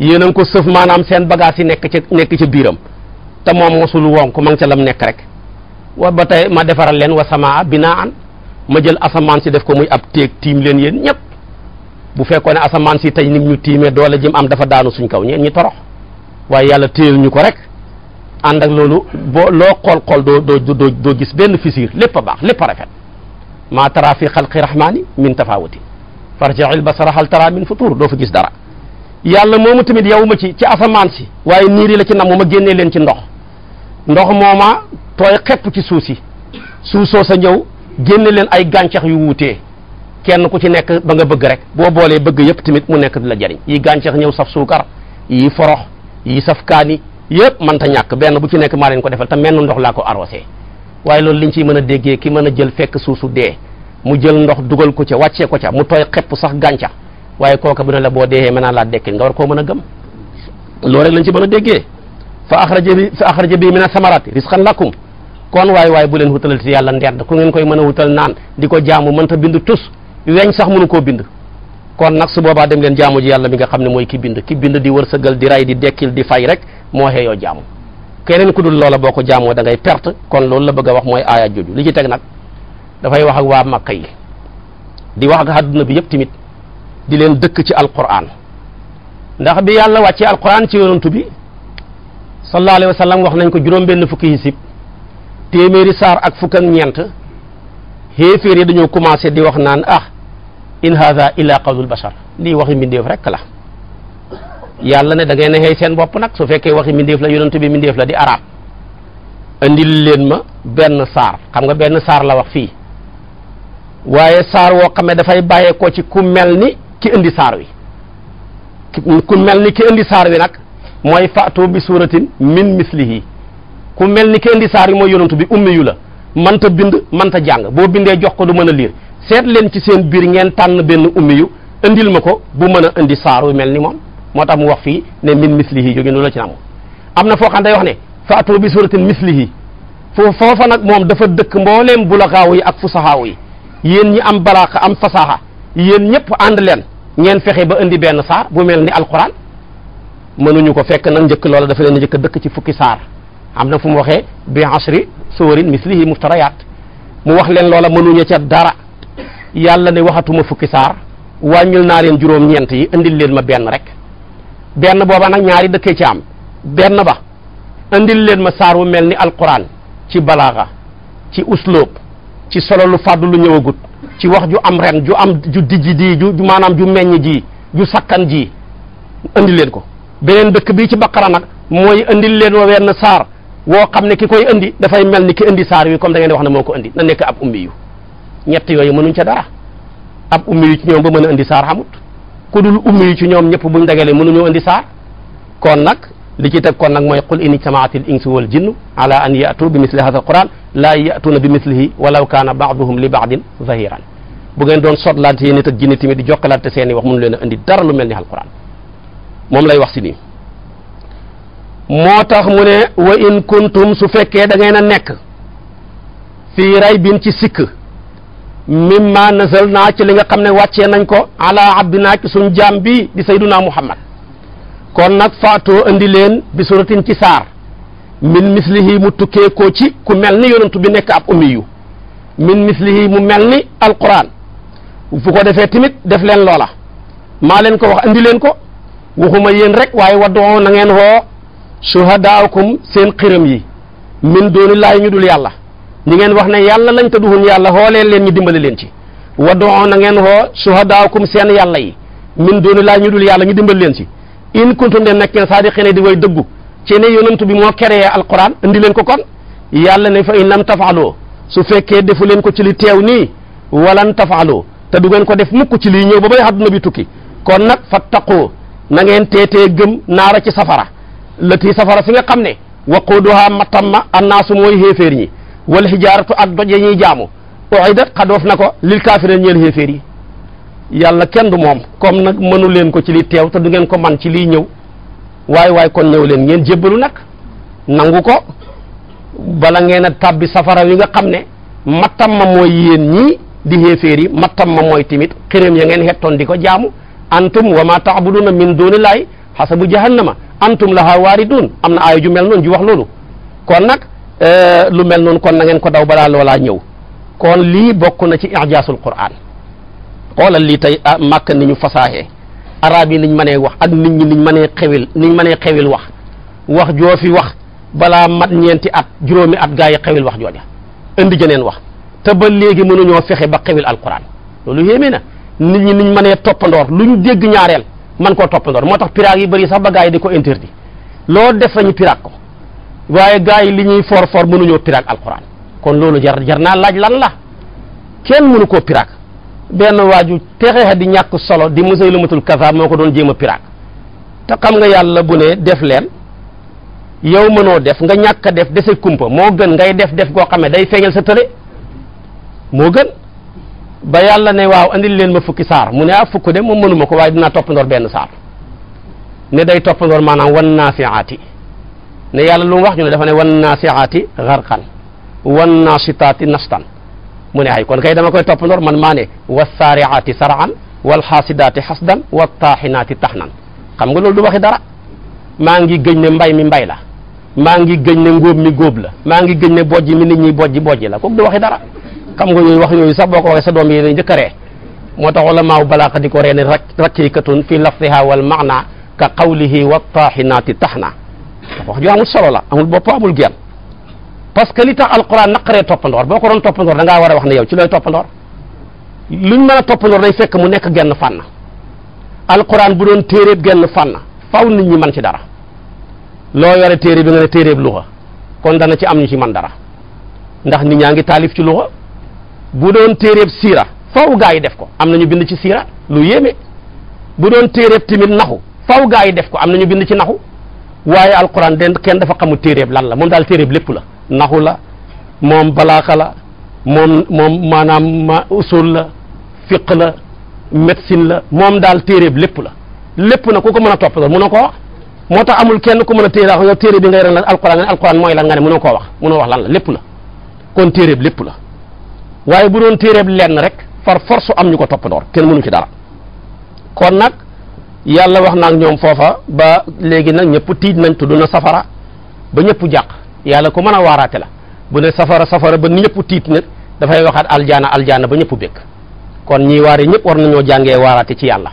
yéen a ko sëf maanaam seen bagaas yi nekk ca nekk ci biiram te moom mosul woon ko ma nga ca lam nekk rek wa ba tey ma defaral leen wa samaa binaan ma jël asamaan si def ko muy ab téeg tiim leen yéen ñëpp bu fekkoon ne asamaan si tey nit ñu tiimee doole jëm am dafa daanu suñ kaw ñeen ñi torox waaye yàlla téyel ñu ko rek ànd ak loolu boo loo xool xool doo doo doo gis benn fissure lépp baax lépp a maa tara fi xalqi rahmani min tafawuti farja il basara hal tara min futur doo fa gis dara yàlla moomu tamit yow ma ci ci asamaan si waaye niiri la ci namu ma génnee leen ci ndox ndox mooma tooy xepp ci suuf si suuf soo sa ñëw génne leen ay gàncax yu wuutee kenn ku ci nekk ba nga bëgg rek boo boolee bëgg yëpp tamit mu nekk di la jariñ yi gàncax ñëw saf suukar yi forox yi saf kaani yëpp mënta ñàkk benn bu ci nekk maa leen ko defal ta menn ndox laa ko arrosé waaye loolu liñ ciy mën a déggee ki mën a jël fekk suuf su dee mu jël ndox dugal ko ca wàccee ko ca mu tooy xepp sax gàncax waaye kooka bu ne la boo deexee mën naa laa dekkil nga war koo mën a gëm loolu rek lañ ci mën a déggee fa axraja bi fa axraja bi mina samaraati risqan lakum kon waay waay bu leen wutalal ci yàlla nderd ku ngeen koy mën a wutal naan di ko jaamu mënta bind tus weñ sax mënu koo bind kon nag su boobaa dem leen jaamu ji yàlla mi nga xam ne mooy ki bind ki bind di wërsëgal di ray di dekkil di fay rek moo xeeyoo jaamu keneen ku dul loola boo ko jaamoo da ngay perte kon loolu la bëgg a wax mooy aaya jooju li ci teg nag dafay wax ak waa Makka yi di wax ak àdduna bi yëpp tamit di leen dëkk ci alquran ndax bi yàlla wàccee alquran ci yonantu bi sallallahu alayhi wa wax nañ ko juróom-benn fukki hisib téeméeri saar ak fukk ak ñeent xéeféer dañoo commencé di wax naan ah in hadha illa qawlul bashar lii waxi mbindeef rek la yàlla ne da ngay ne xëy seen bopp nag su fekkee waxi mindeef la yonent bi mindeef la di arab andil leen ma benn saar xam nga benn saar la wax fii waaye saar woo xam ne dafay bàyyeekoo ci ku mel ni ki indi saar wi ku mel ni ki indi saar wi nag mooy faatu bi suuratin ku mel ni ki indi saar wi mooy yonent bi ummi yu la manta bind mënta jàng boo bindee jox ko du mën a liir seet leen ci seen biir ngeen tànn benn ummi yu indil ma ko bu mën a indi saar wi mel ni moom moo tax mu wax fii ne min mislihi jóge noonu la ci namu am na foo xam day wax ne faatu bi suratin mislihi foofu foofa nag moom dafa dëkk mbooleem bulakaaw yi ak fusahaaw yi yéen ñi am balaax am fasaha yéen ñëpp ànd leen ngeen fexe ba indi benn saar bu mel ni alquran mënuñu ko fekk nag njëkk loola dafa leen njëkk dëkk ci fukki saar am na fu mu waxee bi asri suwarin mislihi muftarayaat mu wax leen loola mënuñu ca dara yàlla ne waxatuma fukki saar wàññil naa leen juróom yi indil leen ma benn rek benn booba nag ñaari dëkkee ci am benn ba andil leen ma saar wu mel ni alquran ci balaaxa ci usloob ci solo lu fàddu lu ñëwagut ci wax ju am ren ju am ju dijji di ju maanaam ju meññ ji ju sakkan ji andil leen ko beneen dëkk bi ci baqara nag mooy andil leen wa wenn saar woo xam ne ki koy andi dafay mel ni ki andi saar wi comme da di wax ne moo ko andi na nekk ab ummi yu ñett yooyu mënuñ ca dara ab ummi yu ci ñoom ba mën a andi saar xamut ku dul ummi yu ci ñoom ñëpp buñ dagalee mënuñu andi saar kon nag li ci teg kon nag mooy qul in ijtamaatil insu wal jinnu ala an yatu bi misli hadha alquran laa yatuuna bi mislihi walaw kaana baaduhum li baadin zahiran bu ngeen doon sotlaante yéen nit ak jinne tamit di jokkalaante seen i wax mënu leen a indi dara lu mel ni alquran moom lay wax si nii moo tax mu ne wa in kuntum su fekkee da ngeen a nekk fii raybin ci sikk mimma nasal naa ci li nga xam ne wàccee nañ ko ala abdinaa ci suñ jaam bi di sayduna muhammad kon nag faatoo andi leen bi suratin ci saar min mislihi mu tukkee ci ku mel ni yonentu bi nekk ab ummiyu min mislihi mu mel ni alquran fu ko defee tamit def leen loola maa leen ko wax andi leen ko waxuma yéen rek waaye waddoo na ngeen woo shuhadaakum seen xiram yi min dooni laay ñu dul yàlla ñi ngeen wax ne yàlla lañ te duhun yàlla xoo leen leen ñu dimbale leen ci wadoo na ngeen xoo suhadaakum seen yàlla yi min dooni laa ñu dul yàlla ñu dimbal leen ci in kuntum de nekkeen saadiqiina di way dëggu ci ne yonantu bi moo créé alquran indi leen ko kon yàlla ne fa in lam tafaaloo su fekkee defu leen ko ci li teew nii walan tafaaloo te du ngeen ko def mukk ci lii ñëw ba bay àdduna bi tukki kon nag fa fattaqoo na ngeen teetee gëm naara ci safara lati safara si nga xam ne waquuduhaa mattam ma annaasu mooy xéeféer ñi wal hijaratu ak doje ya ñi jaamu uidat xadoof nako lil Ya ñel heferi yalla kenn du mom comme nak mënu len ko ci li tew te du ngeen ko man ci li ñew way way kon ñew len ngeen jébbalu nak nangu ko bala ngeen tabbi safara wi nga xamne ne ma moy yeen ñi di heferi matam ma moy timit xiréem ya ngeen hetton jamu. jaamu antum wa ma taabuduna min dunillahi hasabu jahannama antum laha waridun Amna ayu mel non ju wax lolu kon nak Eh, lu mel noonu kon na ngeen ko daw balaa loolaa ñëw kon lii bokk na ci ijaasul quraan xoolal lii tey ah, màkk ni ñu fasaaxee arab yi niñ mënee wax ak nit ñi niñ mënee xewil niñ mënee xewil wax wax joo fi wax balaa mat ñeenti at juróomi at gaa yi xewil wax jooja indi jeneen wax te ba léegi mënuñoo fexe ba xewil alquran loolu yéeme na nit ñi niñ mënee toppandoor lu ñu dégg ñaareel man koo toppandoor moo tax piraag yi bëri sax ba gaa yi di ko interdit loo def fa ñu piraag ko waaye gars yi li ñuy for for mënuñoo piraak alquran kon loolu jar jar naa laaj lan la kenn mënu koo piraak benn waaju texeexa di ñàkk solo di Musaylimatul kazaab moo ko doon jéema a piraak te xam nga yàlla bu ne def leen yow mënoo def nga ñàkk a def dese kumpa moo gën ngay def def goo xam ne day feeñal sa tële moo gën ba yàlla ne waaw indi leen ma fukki saar mu ne ah fukk de moom mënuma ko dina topp toppandoor benn saar ne day toppandoor maanaam wan naafiaati ne yàlla lu wax ñu defane dafa ne wan naasiaati xarqan wan naasitaati nastan mu ne ay kon kay dama koy topp ndoor man maa ne wassaariaati saraan wal xaasidaati xasdan wa taaxinaati taxnan xam nga loolu du waxi dara maa ngi gëñ ne mbay mi mbay la maa ngi gëñ ne ngóob mi góob la maa ngi gëñ ne bojj mi nit ñi bojj bojj la kooku du waxi dara xam nga yooyu wax yooyu sax boo ko sa doom yi ne njëkk a ree moo tax wala maaw balaaxa di ko ree ne rakkikatun fi lafdiha wal maana ka qawlihi wa taaxinaati taxna wax ju amul solo la amul bopp amul genn parce que li tax alquran naqaree toppandoor boo ko doon toppandoor da ngaa war a wax ne yow ci looy toppandoor luñ mën a toppandoor day fekk mu nekk genn fànn alquran bu doon téeréeb genn fànn faw nit ñi mën ci dara loo téere bi nga ne téeréeb kon dana ci am ñu ci mën dara ndax nit ñaa ngi taalif ci luxa bu doon téeréeb siira faw gaa def ko am na ñu bind ci siira lu yéeme bu doon téeréeb tamit naxu faw gaa def ko am na ñu bind ci naxu waaye alquran den kenn dafa xamul téeréeb lan la moom daal téeréeb lépp la naxu la moom balaaxa la moom moom maanaam ma usul la fiq la médecine la moom daal téeréeb lépp la lépp na ku ko mën a topp la mu ne ko moo tax amul kenn ku mën a téye daa yow téere bi ngay ren la alquran nga ne alquran mooy lan nga ne mënoo koo wax mënoo wax lan la lépp la kon téeréeb lépp la waaye bu doon téeréeb lenn rek far force am ñu ko topp door kenn mënu ci dara yàlla wax naag ñoom foofa ba léegi nag ñëpp tiit nañ tudd na safara ba ñëpp jàq yàlla ku mën a waaraate la bu ne safara safara ba ñëpp tiit nag dafay waxaat aljaana aljaana ba ñëpp békk kon ñi waare ñëpp war nañoo jàngee waaraate ci yàlla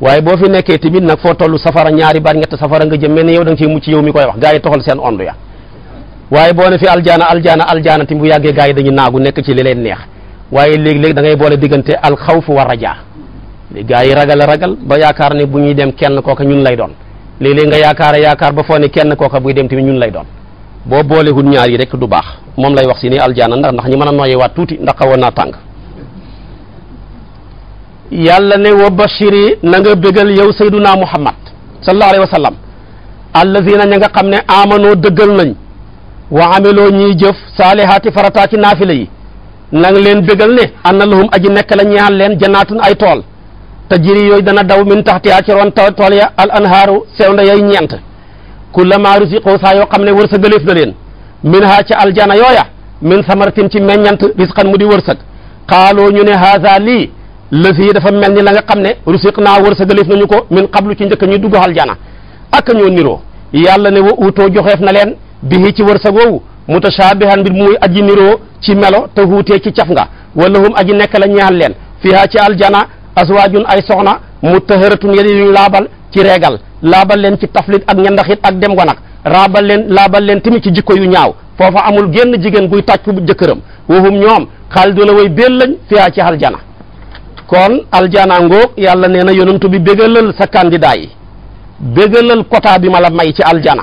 waaye boo fi nekkee timit nag foo toll safara ñaari baat ñett safara nga jëm mel ni yow da nga mucc yow mi koy wax gaa yi toxal seen ond ya waaye boo ne fi aljaana aljaana aljaana ti bu yàggee gaa yi dañu naagu nekk ci li leen neex waaye léegi-léegi da ngay boole diggante alxawfu wa rajaa li yi ragal a ragal ba yaakaar ne bu ñuy dem kenn kooka ñun lay doon léeg nga yaakaar yaakaar ba foo ne kenn kooka buy dem tamit ñun lay doon boo boolewul ñaar yi rek du baax moom lay wax si ni aljaana ndax ndax ñi mën a nooyewaat tuuti ndax xawoon naa tàng yàlla ne wa bashiri na nga bégal yow sayduna muhammad sallallahu alayhi wa sallam allazina ña nga xam ne amanoo dëggal nañ wa ameloo ñiy jëf saalihaati farataa ci naafila yi na nga leen bégal ne anna lahum aji nekk la ñaan leen jannaatun ay tool te jiri yooyu dana daw min taxtiyaa ci ron taw tool ya al anhaaru sew nda yooyu ñeent kullama rusiqoo saa yoo xam ne wërsëgaleef na leen min haa ca aljana yooya min samaratin ci meññant risqan mu di wërsëg xaaloo ñu ne haza lii la fii dafa mel ni la nga xam ne rusiq naa wërsëgaleef nañu ko min qablu ci njëkk ñuy dugg aljana ak ñoo niroo yàlla ne wa uutoo joxeef na leen bihi ci wërsëg woowu mutashaabihan mbir muy aji niroo ci melo te huutee ci caf nga wala hum aji nekk la ñaal leen fiha ci aljana azwaajun ay soxna mu mutahharatun yéen yuñ laabal ci reegal laabal leen ci taflit ak ñandaxit ak dem wanag raabal leen laabal leen tamit ci jikko yu ñaaw foofa amul génn jigéen guy tàccu jëkkëram wahum ñoom xaaliduna way béel lañ fiyaa ci aljana kon aljana ngoog yàlla nee na yonantu bi bégalal sa candidat yi bégalal quota bi ma la may ci aljana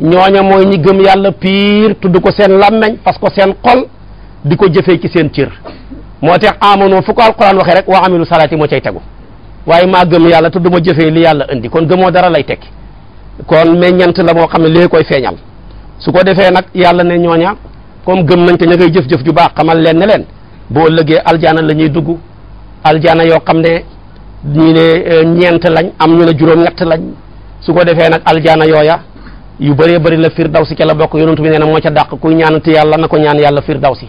ñooña mooy ñi gëm yàlla piir tudd ko seen làmmeñ parce que seen xol di ko jëfee ci seen cër moo tax amano fu ko alquran waxee rek wa amilu salaati moo cay tegu waaye maa gëm yàlla te du ma jëfee li yàlla indi kon gëmoo dara lay tekki kon meññant la moo xam ne léegi koy feeñal su ko defee nag yàlla ne ñooña comme gëm nañ te ña ngay jëf-jëf ju baax xamal leen ne leen boo lëggee aljaana la ñuy dugg aljana yoo xam ne ñu ne ñeent lañ am ñu ne juróom-ñett lañ su ko defee nag aljaana yooya yu bëree bëri la firdawsi ci la bokk yonent bi nee na moo ca dàq kuy ñaanati yàlla na ko ñaan yàlla firdawsi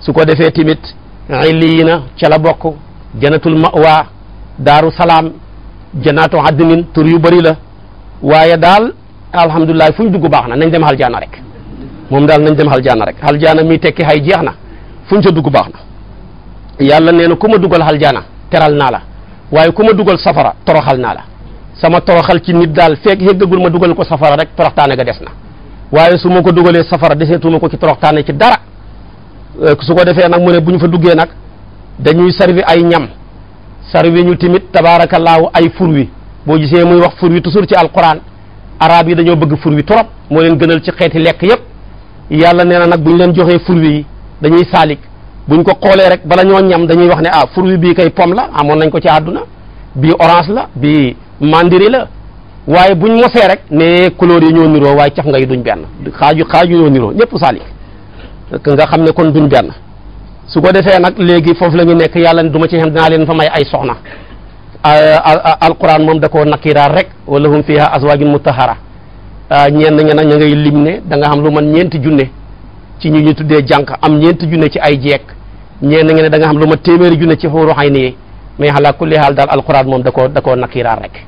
su ko defee timit illiina ca la bokk janatul mawa daaru salaam janaatu addinin tur yu bëri la waaye daal alhamdulilah fu ñu baax na nañ dem aljaana rek moom daal nañ dem aljaana rek aljaana mi tekki hay jeex na fu ñu sa na yàlla nee na ku ma dugal aljaana teral naa la waaye ku ma dugal safara toroxal naa la sama toroxal ci nit daal feeg xéggagul ma dugal ko safara rek toroxtaane ga des na waaye su ma ko dugalee safara deseetuma ko ci toroxtaane ci dara Euh, su ko defee nag mu ne bu ñu fa duggee nag dañuy servi ay ñam servi ñu timit tabaarakallaahu ay fur wi boo jisee muy wax fur wi toujours ci alquran arab yi dañoo bëgg fur wi trop moo leen gënal ci xeeti lekk yépp yàlla nee na nag bu ñu leen joxee fur wi dañuy saalik buñ ko xoolee rek bala ñoo ñam dañuy wax ne ah fur wi bii kay pom la amoon nañ ko ci àdduna bi orange la bi mandiri la waaye buñ mosee rek ne couleur yi ñoo niroo waaye caf nga yi duñ benn xaaju xaaju ñoo niroo ñëpp nga xam ne kon duñ benn su ko defee nag léegi foofu la ñu nekk yàlla du duma ci xem dinaa leen fa may ay soxna alquran moom da koo nakiraar rek wala hum fiha azwajun mutahara ah, ñenn ña nag ña ngay lim ne da nga xam lu man ñeenti junne ci ñu ñu tuddee jànq am ñeenti junne ci ay jeeg ñenn ña ne da nga xam lu ma téeméeri junne ci xuuru xay nii mais xalaa kulli xaal daal alquran moom da koo da koo nakiraar rek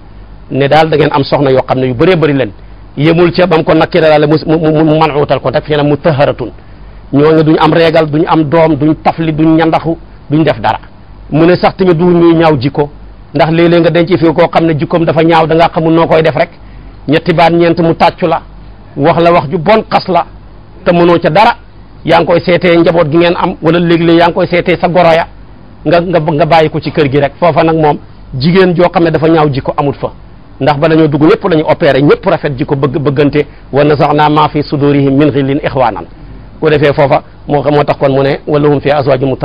ne daal da ngeen am soxna yoo xam ne yu bëree bëri leen yemul ca ba mu ko nakiraale mu mu mu manuutal ko rek fi ne mutaharatun ñooñu duñ am reegal duñ am dom duñ tafli duñ ñandaxu duñ def dara mu ne sax tamit du ñuy ñaaw jiko ndax lélé nga denc fi ko xamné jikom dafa ñaaw da nga xamu nokoy def rek ñetti baan ñent mu taccu la wax la wax ju bon xass la te mëno ca dara koy gi ngeen am wala léeg-léeg koy sa goroya nga nga nga bàyyi ko ci kër gi rek fofa nak mom jigen jo xam dafa ñaaw jiko amut fa ndax bala lañu dugg ñepp lañu ñu opéré ñëpp rafet jiko bëgg bëggante wa nasakhna ma fi sudurihim min ghillin ikhwanan ko defee foofa moo moo tax kon mu ne wala hum fi azwaajum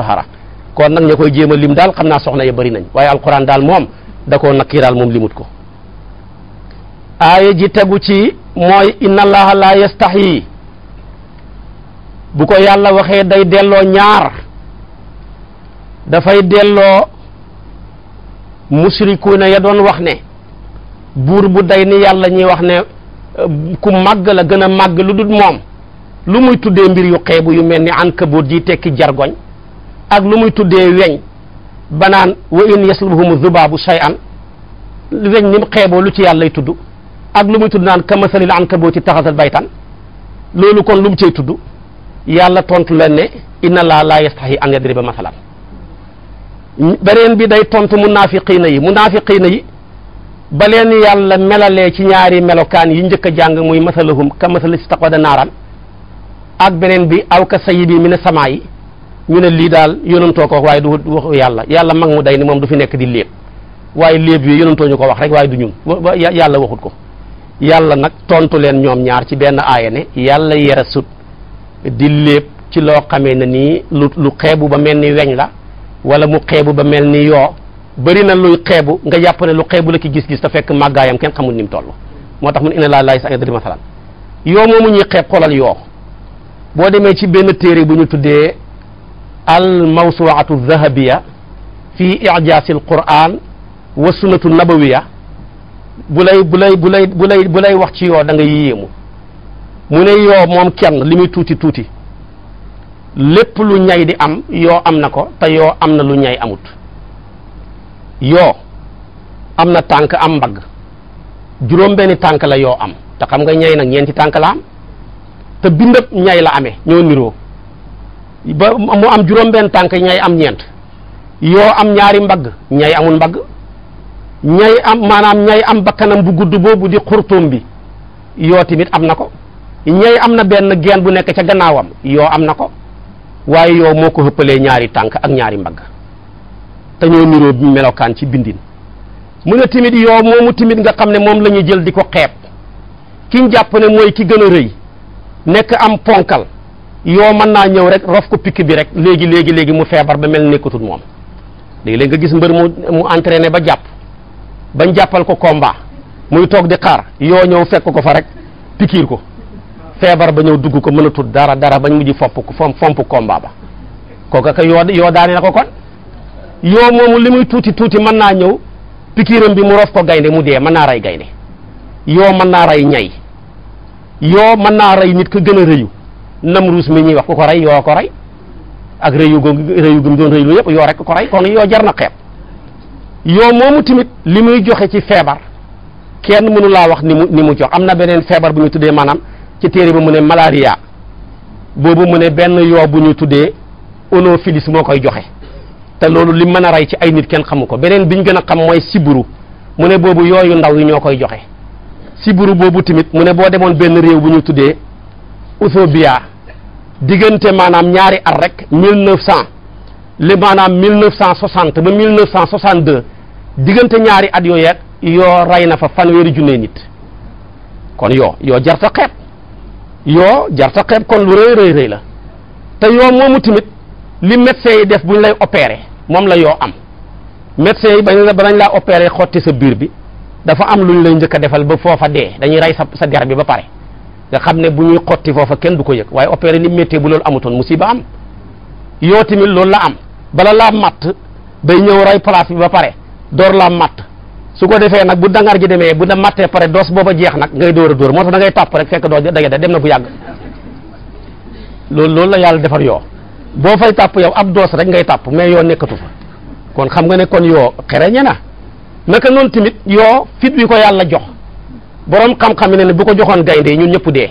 kon nag ña koy jéem a lim daal xam naa soxna ya bëri nañ waaye alquran daal moom da koo nakkiiraal moom limut ko aaya ji tegu ci mooy inna allaha la bu ko yàlla waxee day delloo ñaar dafay delloo musrikuuna ya doon wax ne buur bu day ni yàlla ñuy wax ne ku màgg la gën a màgg lu dul moom lu muy tuddee mbir yu xeebu yu mel ni ankabut ji tekki jargoñ ak lu muy tuddee weñ banaan wa in yaslubuhum zubaabu shay'an weñ ni mu xeeboo lu ci yàlla lay tudd ak lu muy tudd naan la kamasalil ci taxasal baytan loolu kon lu mu cay tudd yàlla tontu leen ne inna laa laa yastahi an yadriba masalan beneen bi day tontu munaafiqiina yi munaafiqiina yi ba leen yàlla melalee ci ñaari melokaan yi njëkk a jàng muy masalahum ka masali staqwada naaraan ak beneen bi aw ka sayib yi mi ne samaa yi ñu ne lii daal yonantoo ko waaye du waxu yàlla yàlla mag mu day ni moom du fi nekk di léeb waaye léeb yi yonantoo ñu ko wax rek waaye du ñun yàlla waxut ko yàlla nag tontu leen ñoom ñaar ci benn aaya ne yàlla yara sut di léeb ci loo xame ne nii lu lu xeebu ba mel ni weñ la wala mu xeebu ba mel ni yoo bëri na luy xeebu nga jàpp ne lu xeebu la ki gis-gis te fekk màggaayam kenn xamul ni mu toll moo tax mun inna laa laay sa adri masalan xoolal yoo boo demee ci benn téere bu ñu tuddee al mawsuwaatu zahabiya fi ijaasil quraan wa sunnatu nabawiya bu lay bu lay bu lay bu lay bu lay wax ci yoo da yéemu mu ne yoo moom kenn li muy tuuti tuuti lépp lu ñay di am yoo am na ko te yoo am na lu ñay amut yoo am na tànk am mbagg juróom benni tànk la yoo am te xam nga ñay nag ñeenti tànk la am te bindab ñay la amee ñoo niroo ba mu am juróom-benn tànk ñay am ñeent yoo am ñaari mbag ñay amul mbag ñay am maanaam ñay am bakkanam bu gudd boobu di xurtuum bi yoo tamit am na ko ñay am na benn geen bu nekk ca gannaawam yoo am na ko waaye yoo moo ko xëppalee ñaari tànk ak ñaari mbag te ñoo niroo melokaan ci bindin mu ne tamit yoo moomu tamit nga xam ne moom lañuy jël di ko xeeb ki ñu jàpp ne mooy ki gën a rëy nekk am ponkal yoo mën naa ñëw rek rof ko pikk bi rek léegi léegi léegi mu feebar ba mel nekkatul moom léegi-léegi nga gis mbër mu mu entraîné ba jàpp bañ jàppal ko combat muy toog di xaar yoo ñëw fekk ko fa rek pikiir ko feebar ba ñëw dugg ko mënatul dara dara bañ mujj fopp ko fomp combat ba kooka ka yoo yoo daane na ko kon yoo moomu li muy tuuti tuuti mën naa ñëw pikiiram bi mu rof ko gaynde mu dee mën naa ray gaynde yoo mën naa ray ñay Yo man na ray nit ko gëna reuy rëyu namruus mi ñi wax ku ko ray yo ko ray ak reuy go reuy gum doon reuy lu yëpp yo rek ko ray kon yo jarna xeb yo momu timit limuy joxe ci febar kenn mënu la wax ni mu ni mu jox amna benen febar bu ñu tuddé manam ci téré bu mu malaria bobu mu benn yo bu ñu tuddé onophilis mo koy joxe té lolu li mëna ray ci ay nit kenn xamuko benen biñu gëna xam moy siburu mu ne boobu yooyu ndaw yi ñokoy joxe siburu boobu tamit mu ne boo demoon benn réew bu ñu tuddee Ethiopia diggante maanaam ñaari at rek mille neuf cent li maanaam mille neuf cent soixante ba mille neuf cent soixante diggante ñaari at yoo yeeg yoo rey na fa fanweeri junne nit kon yoo yoo jarta yoo jarta xeeb kon lu rëy rëy rëy la te yoo moomu tamit li médecin yi def bu ñu lay opéré moom la yoo am médecin yi bañ la banañ laa opéré xotti sa biir bi dafa am luñ lay njëkk defal ba fofa dé dañuy ray sa sa der bi ba pare nga xamné buñuy bu ñuy xotti foofa kenn du ko yëg opéré ni metté bu lol amutoon musiba am yoo tamit lola la am bala la mat day ñëw ray place bi ba pare dor la mat su ko défé nak bu dangar ji démé bu da pare dos boba jeex nak ngay door door moo tax da ngay tap rek fekk do dage da dem na bu yagg lol lol la yalla défar yo bo fay tap yow ab dos rek ngay tap mais yo nekkatu fa kon xam nga ne kon yo xereñe na naka noonu tamit yoo fit wi ko yàlla jox boroom xam-xam ne ne bu ko joxoon gaynde yi ñun ñëpp dee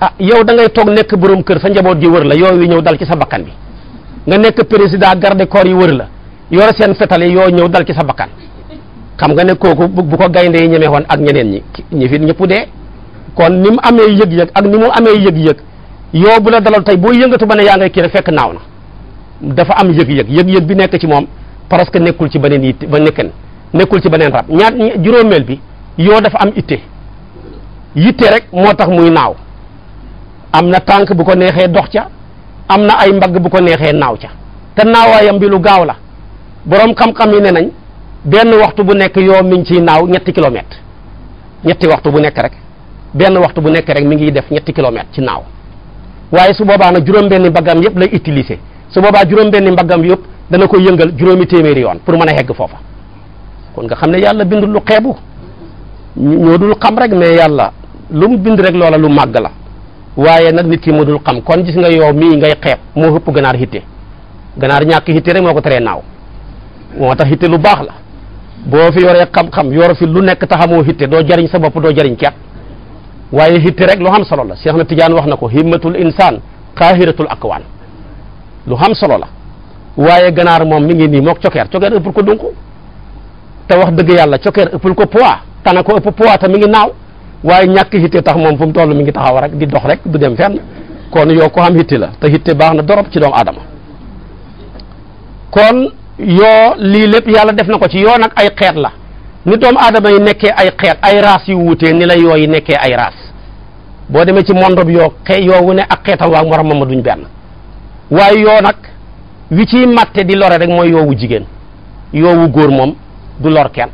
a ah yow da ngay toog nekk borom kër sa njaboot ji wër la yoo wi ñëw dal ci sa bakkan bi nga nekk président garde corps yi wër la yore seen fetale yoo ñëw dal ci sa bakkan xam nga ne kooku bu ko gaynde yi ñemee woon ak ñeneen ñi ñi fit ñëpp dee kon ni mu amee yëg-yëg ak ni mu amee yëg-yëg yoo bu la dalal tey boo yëngatu ba ne yaa kii rek naaw na dafa am yëg-yëg yëg-yëg bi nekk ci moom presque nekkul ci beneen it ba nekken nekkul ci beneen rab ñaar juróomeel bi yoo dafa am itte yitte rek moo tax muy naaw am na tànk bu ko neexee dox ca am na ay mbagg bu ko neexee naaw ca te naawaayam bi lu gaaw la boroom xam-xam yi ne nañ benn waxtu bu nekk yoo mi ngi ciy naaw ñetti kilomètre ñetti waxtu bu nekk rek benn waxtu bu nekk rek mu ngi def ñetti kilomètre ci naaw waaye su boobaa na juróom-benni mbaggam yëpp lay utiliser su boobaa juróom-benni mbaggam yëpp dana ko yëngal juróomi téeméeri yoon pour mën a hegg foofa kon nga xam ne yàlla bindul lu xeebu ñoo dul xam rek mais yàlla lu mu bind rek loola lu màgg la waaye nag nit kii moo dul xam kon gis nga yow mii ngay xeeb moo ëpp ganaar hitte ganaar ñàkk hitte rek moo ko teree naaw moo tax hitte lu baax la boo fi yoree xam-xam yor fi lu nekk taxamoo hitte doo jariñ sa bopp doo jariñ kenn waaye hitte rek lu xam solo la Cheikh na Tidiane wax na ko himmatul insaan qaahiratul akwaan lu xam solo la waaye ganaar moom mi ngi nii mook cokeer cokeer ëpp ko dunku te wax dëgg yàlla cokkeer ëppul ko poids tana ko ëpp poids te mi ngi naaw waaye ñàkk hitte tax moom mu toll mi ngi taxaw rek di dox rek du dem fenn kon yow ko am hitte la te hitte baax na dorop ci doomu aadama kon yoo lii lépp yàlla def na ko ci yoo nag ay xeet la ni doomu aadama yi nekkee ay xeet ay raas yu wuutee ni la yi nekkee ay raas boo demee ci monde bi yoo xe yoo wu ne ak xeetam waa moroomam ma duñ benn waaye yoo nag wi ciy matte di lore rek mooy yoowu jigéen yoowu góor moom du lor kenn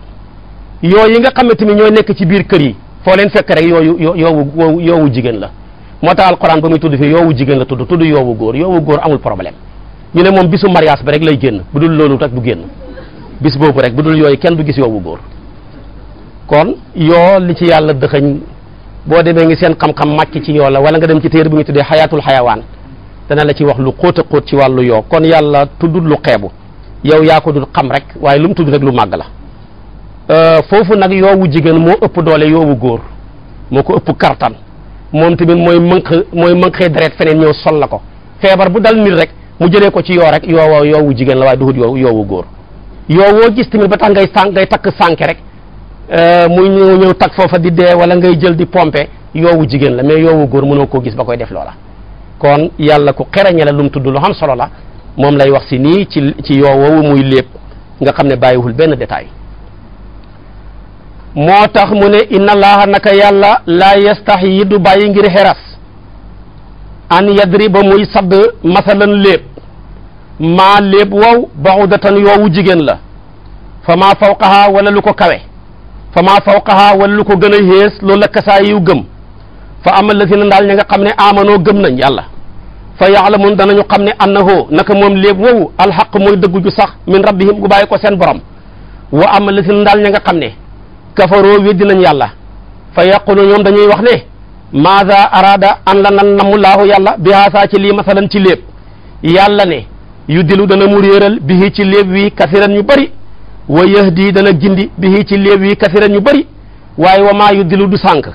yooyu nga xamante ni ñooy nekk ci biir kër yi foo leen fekk rek yooyu yoowu yoowu jigéen la moo tax alxuraan ba muy tudd fii yoowu jigéen la tudd tudd yoowu góor yoowu góor amul problème ñu ne moom bisu mariage bi rek lay génn bu dul loolu rek du génn bis boobu rek bu dul yooyu kenn du gis yoowu góor kon yoo li ci yàlla dëxëñ boo demee ngi seen xam-xam màcc ci yoo la wala nga dem ci téere bu ñu tuddee xayaatul xayawaan dana la ci wax lu xóot xóot ci wàllu yoo kon yàlla tudd lu xeebu yow yaa ko dul xam rek waaye lu mu tudd rek lu màgg la euh, foofu nag yow yoowu jigéen moo ëpp doole yoowu góor moo ko ëpp kartan moom tamit mooy mënq mooy mënqee deret feneen ñëw sol la ko feebar bu dal nit rek mu jëlee ko ci yow rek yow wu jigéen la waaye duhut yoo yoowu góor woo gis tamit ba tax ngay sànq takk sànke rek euh, mu ñëw ñëw takk foofa di dee wala ngay jël di pompe yoowu jigéen la mais yoowu góor mënoo koo gis ba koy def loola kon yàlla ku xerañe la lu mu tudd lu xam solo la moom lay wax si nii ci ci yoo woowu muy lépp nga xam ne bàyyiwul benn détail moo tax mu ne inna allaha naka yàlla laa yastaxyi du bàyyi ngir xeras an yadriba muy sadd masalan léeb maa léeb wow baxudatan yoowu jigéen la fa maa fawqahaa wala lu ko kawe fa maa fawqahaa wala lu ko gën a xées loolu la kasaa yiw gëm fa amal lazina ndaal ñi nga xam ne amanoo gëm nañ yàlla fa yaalamun danañu xam ne annahu naka moom léeb woowu alxaq mooy dëgg ju sax min rabbihim gu bàyyi ko seen borom wa la lasin ndaal ña nga xam ne kafaroo weddi nañ yàlla fa yaqulu ñoom dañuy wax ne maada arada an la nan namu laahu yàlla bi haasaa ci lii masalan ci léeb yàlla ne yu dilu dana mu réeral bihi ci léeb wi kasiran ñu bëri wa di dana gindi bihi ci léeb wi kasiran ñu bëri waaye wa maa yu dilu du sànq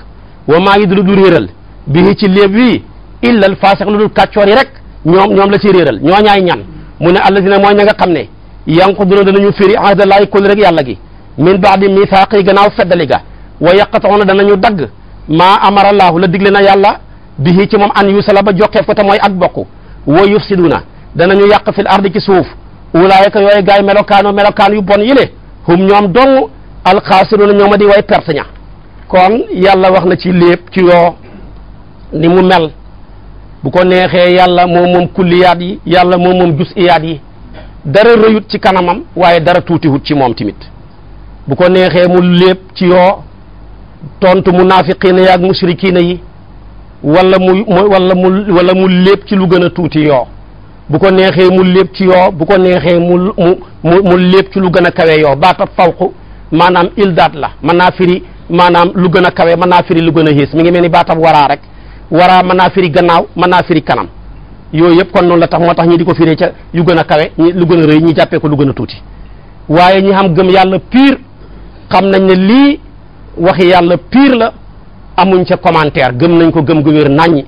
wa maa yu dilu du réeral bihi ci léeb wi illa al faasiq lu dul kàccoor yi rek ñoom ñoom la ci réeral ñooñaay ñan mu ne allazina mooy ne nga xam ne yanquduna danañu firi ahdallahi kulli rek yàlla gi min baadi mithaaqi gannaaw feddali ga wa dana ñu dagg maa amara laahu la digle na yàlla bihi ci moom an yusala ba jokkeef ko te mooy ak bokk wa dana ñu yàq fil ardi ci suuf ulaayika yooyu gaay melokaano melokaan yu bon yi le hum ñoom dong alxaasiruuna ñooma di way perte ña yàlla wax na ci lépp ci yoo ni mu mel bu ko neexee yàlla moo moom kulliyaat yi yàlla moom moom jusiyaat yi dara rëyut ci kanamam waaye dara tuutiwut ci moom tamit bu ko neexee mu lépp ci yoo tontu munaafiqiina yaag musrikiina yi wala mu wala mu wala mu lépp ci lu gën a tuuti yoo bu ko neexee mu lépp ci yoo bu ko neexee mu mu mu mu lépp lu gën a kawe yoo baatab fawqu maanaam ildaat la mën naa firi maanaam lu gën a kawe mën naa firi lu gën a xiis mi ngi mel ni baatab waraa rek wara manafiri gannaaw manafiri kanam yooyu yëpp kon noonu la tax moo tax ñi di ko firee ca yu gën a kawe ñi lu gën a rëy ñi jàppee ko lu gën a tuuti waaye ñi xam gëm yàlla pire xam nañ ne lii waxi yàlla pire la amuñ ca commentaire gëm nañ ko gëm gu wér naññi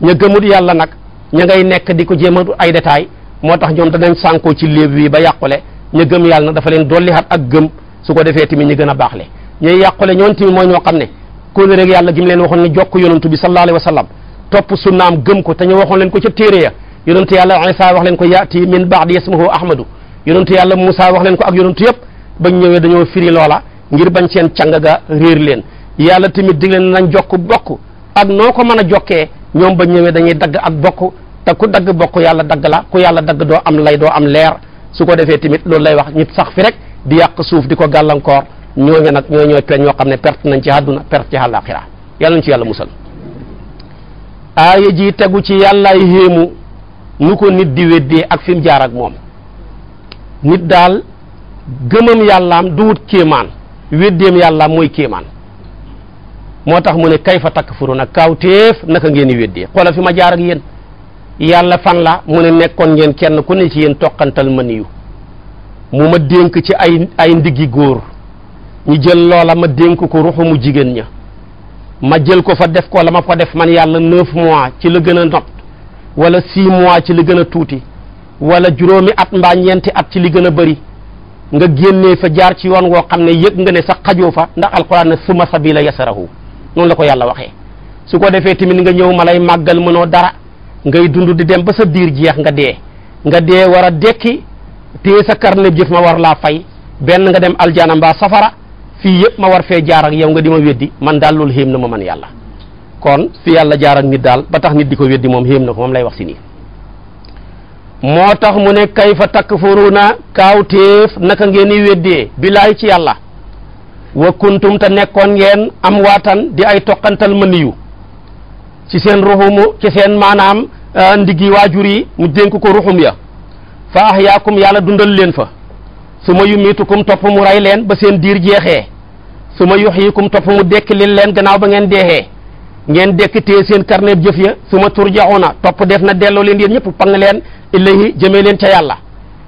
ña gëmut yàlla nag ña ngay nekk di ko jéem ay détail moo tax ñoom danañ sànkoo ci léeb wi ba yàqule ña gëm yàlla nag dafa leen dolli xat ak gëm su ko defee tamit ñi gën a baaxle ñuy yàqule ñoon tamit mooy ñoo xam ne kóolu rek yàlla gi leen waxoon ne jokk yonantu bi sallallahu alayhi wa sallam topp sunnaam gëm ko te ñu waxoon leen ko ca téere ya yonantu yàlla Isa wax leen ko yaati min baadi yasmuhu ahmadu yonantu yàlla Moussa wax leen ko ak yonantu yëpp bañ ñëwee dañoo firi loola ngir bañ seen càng ga réer leen yàlla tamit dig leen nañ jokk bokk ak noo ko mën a jokkee ñoom bañ ñëwee dañuy dagg ak bokk te ku dagg bokk yàlla dagg la ku yàlla dagg doo am lay doo am leer su ko defee tamit loolu lay wax ñit sax fi rek di yàq suuf di ko gàllankoor ñooñu nag ñoo ñooy peñ ñoo xam ne perte nañ ci àdduna perte ci àllaaxira yàlla ci yàlla musal aaya ji tegu ci yàllaay héemu nu ko nit di weddee ak fi mu jaar ak moom nit daal gëmam yàllaam duwut kéemaan weddeem yàllaam mooy kéemaan moo tax mu ne kay fa takk furu nag kaawteef naka ngeen di weddee xoola fi ma jaar ak yéen yàlla fan la mu ne nekkoon ngeen kenn ku ne ci yéen toqantal ma mu ma dénk ci ay ay ndiggi góor ñu jël loola ma dénk ko ruxu mu jigéen ña ma jël ko fa def ko la ma ko def man yàlla neuf mois ci la gën a not wala six mois ci la gën a tuuti wala juróomi at mbaa ñeenti at ci li gën a bëri nga génnee fa jaar ci yoon woo xam ne yëg nga ne sa xajoo fa ndax alquran ne suma sabila yasarahu noonu la ko yàlla waxee su ko defee tamit nga ñëw ma lay màggal mënoo dara ngay dund di dem ba sa diir jeex nga dee nga dee war a dekki téye sa karne jëf ma war laa fay benn nga dem aljana safara fi yëpp ma war fe jaar ak yow nga di weddi man man yalla kon fi yalla jaar ak nit dal ba tax nit diko weddi mom xéem na ko mom lay wax si nii moo mu ne kayfa takfuruna takk naka ngeen ni weddi billahi ci yalla wa kuntum ta nekkon ngeen am watan di ay tokantal maniyu ci sen ruhumu ci sen manam ah, ndigi wajuri mu denk ko ruhum ya fa ahyaakum yalla dundal len fa su ma yumiitukum topp mu rey leen ba seen diir jeexee su ma yuxyikum topp mu dekki lil leen gannaaw ba ngeen deexee ngeen dekk seen karneeb jëf ya su ma turjaxuna topp def na delloo leen yéen ñëpp pang leen illahi jëmee leen ca yàlla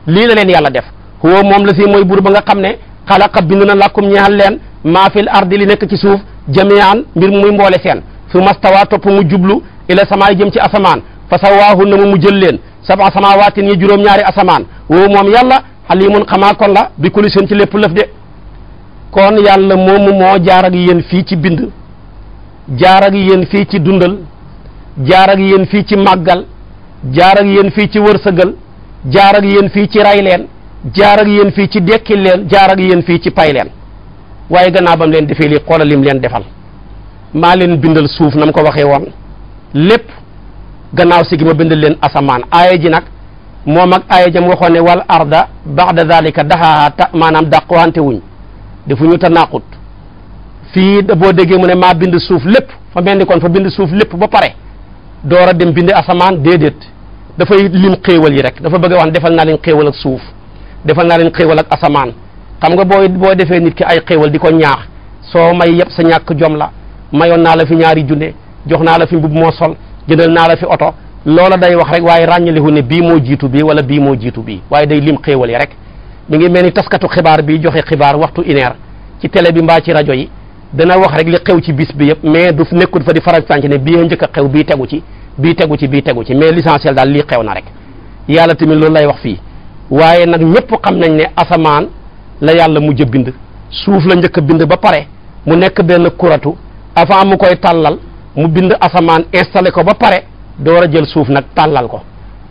lii la leen yàlla def huwa moom la si mooy buur ba nga xam ne xalaqa bind na làkkum ñaal leen maa fil ardi li nekk ci suuf jami'an mbir muy mboole seen su mastawaa topp mu jublu ila samaay jëm ci asamaan fa sawwaahunna mu mu jël leen sab'a samaawatin yi juróom-ñaari asamaan alimun xamaa kon la bi ku ci lépp lëf de kon yàlla moomu moo jaar ak yéen fii ci bind jaar ak yéen fii ci dundal jaar ak fii ci màggal jaar ak yéen fii ci wërsëgal jaar ak fii ci rayleen leen jaar fii ci dekkil leen jaar yéen fii ci pay waaye gannaaw bam leen defee lii xoolal lim leen defal maa leen bindal suuf na ko waxee woon lépp gannaaw si gi bindal leen asamaan aaya ji nag moom ak aaya jam waxoon ne wal arda ba'da zalika daxaaha ta maanaam dàqwante wuñ defuñu tanaaqut fii boo déggee mu ne maa bind suuf lépp fa mel ni kon fa bind suuf lépp ba pare door a dem bind asamaan déedéet dafay lim xéewal yi rek dafa bëgg a wax defal naa leen xéewal ak suuf defal naa leen xéewal ak asamaan xam nga boo boo defee nit ki ay xéewal di ko ñaax soo may yëpp sa ñàkk jomla mayoon naa la fi ñaari junne jox naa la fi mbubb moo sol jëndal naa la oto loola day wax rek waaye ràññalihu ne bii moo jiitu bii wala bii moo jiitu bii waaye day lim xéewal yi rek mu ngi mel ni taskatu xibaar bi joxe xibaar waxtu une heure ci télé bi mbaa ci rajo yi dana wax rek li xew ci bis bi yëpp mais du nekkul fa di faral sànc ne bii njëkk xew bii tegu ci bii tegu ci bii tegu ci mais l'essentiel daal lii xew na rek yàlla tamit loolu lay wax fii waaye nag ñëpp xam nañ ne asamaan la yàlla mujj a bind suuf la njëkk a bind ba pare mu nekk benn kuratu avant mu koy tàllal mu bind asamaan installé ko ba pare door a jël suuf nag tàllal ko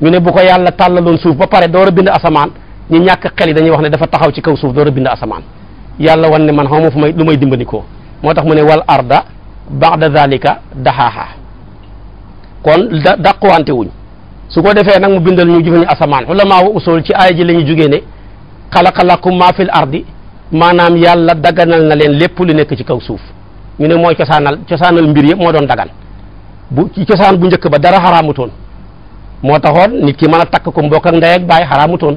ñu ne bu ko yàlla tàllaloon suuf ba pare door a bind asamaan ñu ñàkk xel yi dañuy wax ne dafa taxaw ci kaw suuf door a bind asamaan yàlla wan ne man xaw ma fu may lu may dimbandikoo moo tax mu ne wal arda ba'da zalika daxaaha kon da dàquwante wuñ su ko defee nag mu bindal ñu jëfe ñu asamaan ulamaa wa usul ci aaya ji la ñu jugee ne xalaqa lakum maa fil ardi maanaam yàlla daganal na leen lépp lu nekk ci kaw suuf ñu ne mooy cosaanal cosaanal mbir yëpp moo doon dagan bu ci cosaan bu njëkk ba dara xaraamutoon moo taxoon nit ki mën a takk ko mbokk ak ndey ak baay xaraamutoon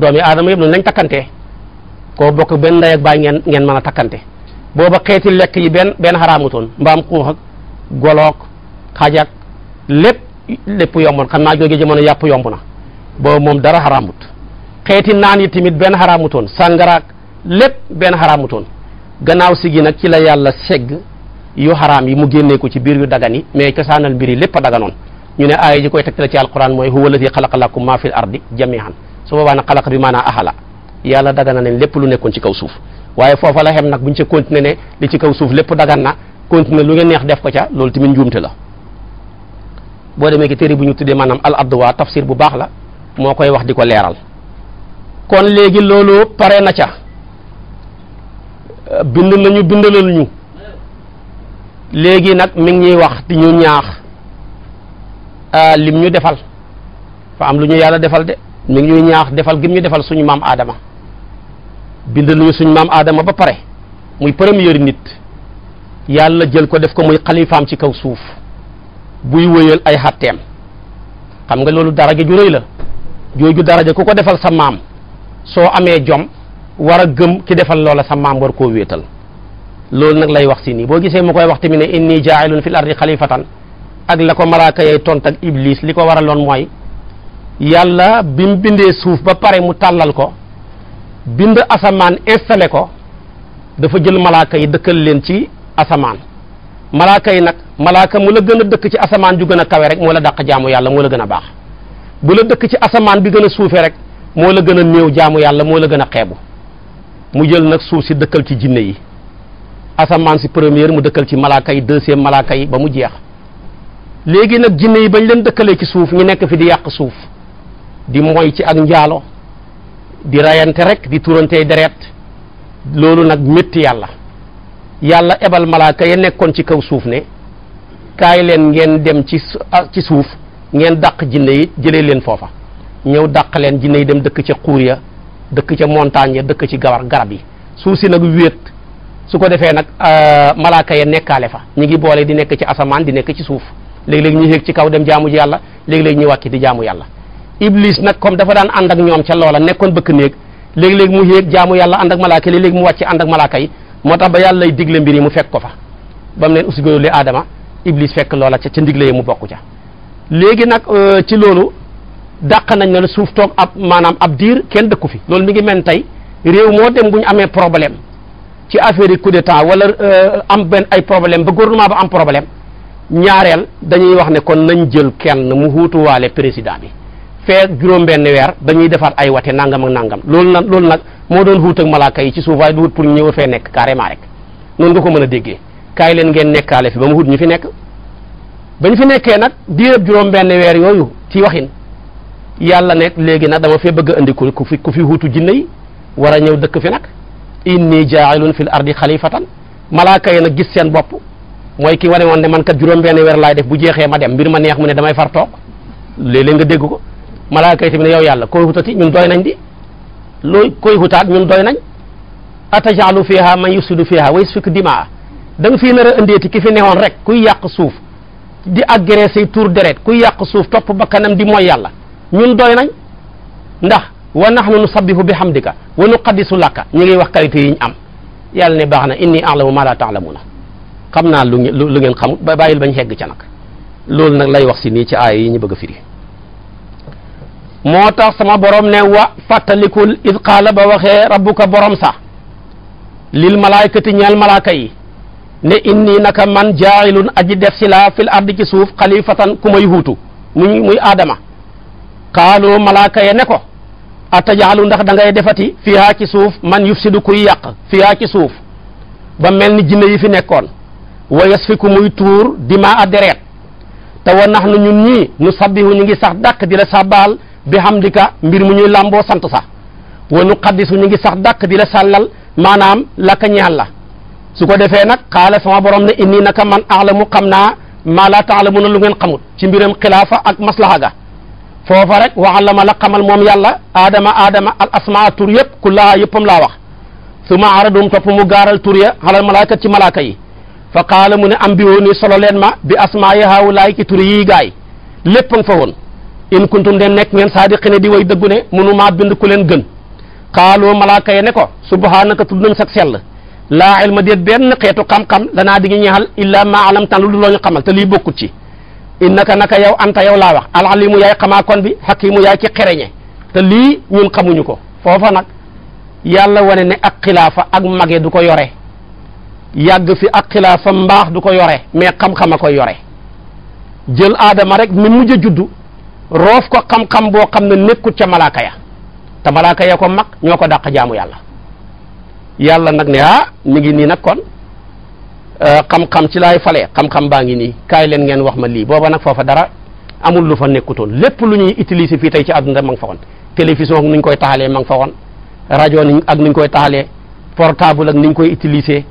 doomi aadama yëpp noonu lañ takkantee koo bokk benn ndey ak baay ngeen ngeen mën a takkante booba xeeti lekk yi benn benn xaraamutoon mbaam xuux ak goloog xajak lépp lépp yomboon xam naa jooju jamono yàpp yomb na booba moom dara xaraamut xeeti naan yi tamit benn xaraamutoon sàngaraak lépp benn xaraamutoon gannaaw si gi nag ci la yàlla segg yu xaraam yi mu génnee ko ci biir yu dagan yi mais cosaanal mbir yi lépp a daganoon ñu ne aaya ji koy tegtale ci alquran mooy huwa alladi xalaqa lakum ma fil ardi jami'an su boobaa nag xalaq bi maanaa axala yàlla dagan na leen lépp lu nekkoon ci kaw suuf waaye foofa la xem nag buñ ca continué ne li ci kaw suuf lépp dagan na continué lu nga neex def ko ca loolu tamit njuumte la boo demee ki téere bu ñu tuddee maanaam al adwa tafsir bu baax la moo koy wax di ko leeral kon léegi loolu pare na ca bind nañu bindalal ñu léegi nag mi ngi ñuy wax di ñu ñaax lim ñu defal fa am lu ñu yàlla defal de mu ngi ñuy ñaax defal gim ñu defal suñu maam Adama bindal ñu suñ maam aadama ba pare muy premier nit yàlla jël ko def ko muy xalifaam ci kaw suuf buy wëyal ay xatteem xam nga loolu daraja ju la jooju daraja ku ko defal sa maam soo amee jom war a gëm ki defal loola sa maam war koo wéetal loolu nag lay wax si nii boo gisee mu koy wax tamit ne inni jaa'ilun fil ardi xalifatan ak la ko malaaka yay tont ak iblis li ko waraloon mooy yàlla bi mu bindee suuf ba pare mu tàllal ko bind asamaan installé ko dafa jël malaaka yi dëkkal leen ci asamaan malaaka yi nag malaaka mu la gën a dëkk ci asamaan ju gën a kawe rek moo la dàq jaamu yàlla moo la gën a baax bu la dëkk ci asamaan bi gën a suufee rek moo la gën a néew jaamu yàlla moo la gën a xeebu mu jël nag suuf si dëkkal ci jinne yi asamaan si première mu dëkkal ci malaaka yi deuxième malaaka yi ba mu jeex léegi nag jinne yi bañ leen dëkkalee ci suuf ñu nekk fi di yàq suuf di moy ci ak njaalo di reyante rek di turantey deret loolu nag metti yàlla yàlla ebal malaaka ya nekkoon ci kaw suuf ne kaay leen ngeen dem ci ah, ci suuf ngeen dàq jinne yi jëlee leen foofa ñëw dàq leen jinne yi dem dëkk ca xuur ya dëkk ca montagne ya dëkk ci gawar garab yi suuf si nag wéet su ko defee nag euh, malaaka ya nekkaale fa ñu ngi boole di nekk ci asamaan di nekk ci suuf léeg-léeg ñu yéeg ci kaw dem jaamu ji yàlla léeg-léeg ñu wàcc di jaamu yàlla iblis nag comme dafa daan ànd ak ñoom ca loola nekkoon bëkk néeg léeg-léeg mu yéeg jaamu yàlla ànd ak malaaka yi mu wàcc ànd ak moo tax ba yàlla lay digle mbir yi mu fekk ko fa ba mu leen usjudu li aadama iblis fekk loola ca ca ndigle yi mu bokk ca léegi nag euh, ci loolu daq nañ ne la suuf toog ab maanaam ab diir kenn dëkku fi loolu mi ngi mel tey réew moo dem bu ñu amee problème ci affaire yi coup d'état wala euh, am benn ay problème ba gouvernement ba am problème ñaareel dañuy wax ne kon nañ jël kenn mu huutuwaale président bi feek juróom-benn weer dañuy defaat ay wate nangam ak nangam loolu nag loolu nag moo doon huut ak malaaka yi ci suuf waaye du wut pour ñu ñëw fee nekk carrément rek noonu nga ko mën a déggee kaay leen ngeen nekkaale fi ba mu hut ñu fi nekk bañ fi nekkee nag diirëb juróom-benn weer yooyu ci waxin yàlla ne léegi nag dama fee bëgg indi ku fi ku fi huutu jinne yi war ñëw dëkk fi nag inni jaailun fil ardi xalifatan malaaka yi nag gis seen bopp mooy ki wane woon ne man kat juróom-benn weer laay def bu jeexee ma dem mbir ma neex mu ne damay far toog léeg nga dégg ko malaaka yi tamit na yow yàlla koy hutati ñun doy nañ di looy koy hutaat ñun doy nañ atajaalu fiha man yusidu fiha wa yasfiku dimaa da nga fii nar a indeeti ki fi newoon rek kuy yàq suuf di agressé say tour deret kuy yàq suuf topp bakkanam di mooy yàlla ñun doy nañ ndax wa nahnu nusabbihu bi hamdika wa nuqaddisu laka ñu ngi wax qualité yi ñu am yàlla ne baax na inni a'lamu ma la ta'lamuna xam naa lu lu ngeen xamut ba bàyyil bañ xegg ca nag loolu nag lay wax si nii ci aaya yi ñu bëgg a firi moo tax sama borom ne wa fàttalikul id qaala ba waxee rabbuka borom sa lil malaykati ñeel malaaka yi ne inni naka man jaa'ilun aji def si laa fil ardi suuf xalifatan ku may huutu muy muy aadama qaalu malaaka ya ne ko atajaalu ndax da ngay defati fiha ci suuf man yufsidu kuy yàq fiha ci suuf ba mel ni jinne yi fi nekkoon wa yasfiku muy tuur dima a deret te nax na ñun ñii nu sabbihu ñu ngi sax dàq di la sàbbaal bi xam di ka mbir mu ñuy làmboo sant sax wa nu qaddisu ñu ngi sax dàq di la sàllal maanaam laka ñaan la su ko defee nag xaala sama borom indi inni naka man aalamu xam naa maa laa taalamuuna lu ngeen xamut ci mbiram xilaafa ak maslaha ga foofa rek ma la xamal moom yàlla aadama aadama al asmaa tur yëpp kullaha yëppam laa wax suma aradum topp mu gaaral tur ya xalal malaaka ci malaaka yi fa qaala mu ne am bi woon ni solo leen ma bi asmaa yi haawulaay ci tur yii gaay lépp nga fa woon in kuntum de nekk ngeen saadiqine di way dëggu ne munu maa bind ku leen gën xaaloo malaaka yi ne ko subhaanaka tudd nañ sag sell laa ilma déet benn xeetu xam-xam lanaa di ngi ñeexal illaa maa lu loo ñu xamal te lii ci innaka naka yow anta yow laa wax alalimu yaay xamaa kon bi xakimu yaay ci xereñe te lii ñun xamuñu ko foofa nag yàlla wane ne ak xilaafa ak mage du ko yore yàgg fi ak xilaafa mbaax du ko yore mais xam-xam a koy yore jël aadama rek mi mujj a juddu roof ko xam-xam boo xam ne nekkut ca malaaka ya te malaaka ya ko mag ñoo ko daq jaamu yàlla yàlla nag ne ah mi ngi nii nag kon Euh, xam-xam ci laay fale xam-xam baa ngi nii kaay leen ngeen wax ma lii booba nag foofa dara amul lu fa nekkutoon lépp lu ñuy utiliser fii tey ci àdduna ma ngi fa woon télévision ak nuñ koy taale ma ngi fa woon rajo ni ak nuñ koy taxalee portable ak niñ koy utiliser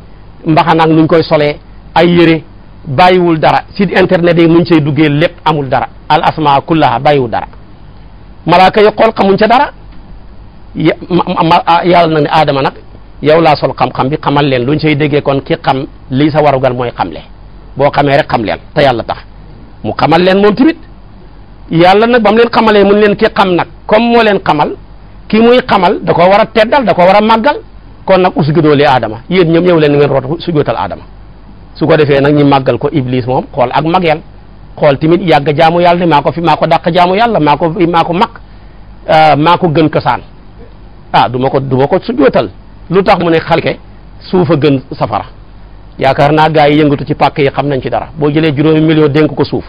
mbaxana ak nuñ koy solee ay yére bàyyiwul dara site internet yi nuñ say duggee lépp amul dara al asmaa kullaha bàyyiwul dara malaaka yi xool xamuñ ca dara ah, yàlla nag ne aadama nag yow laa sol xam-xam bi xamal leen lu sey say déggee kon ki xam lii sa warugal mooy xamle boo xamee rek xam leen te yàlla tax mu xamal leen moom tamit yàlla nag ba mu leen xamalee leen ki xam nag comme moo leen xamal ki muy xamal da ko war a teddal da ko war a màggal kon nag usjudoo li aadama yéen ñoom ñëw leen ngeen root sujootal aadama su ko defee nag ñu màggal ko iblis moom xool ak mageel xool tamit yàgg jaamu yàlla ne maa ko fi maa ko dàq jaamu yàlla maa ko maa ko mag ah, maa ko gën kasaan ah du ko du ma lu tax mu ne xalke suuf a gën safara yaakaar naa gaay yi yëngatu ci pàkk yi xam nañ ci dara boo jëlee juróomi million dénk ko suuf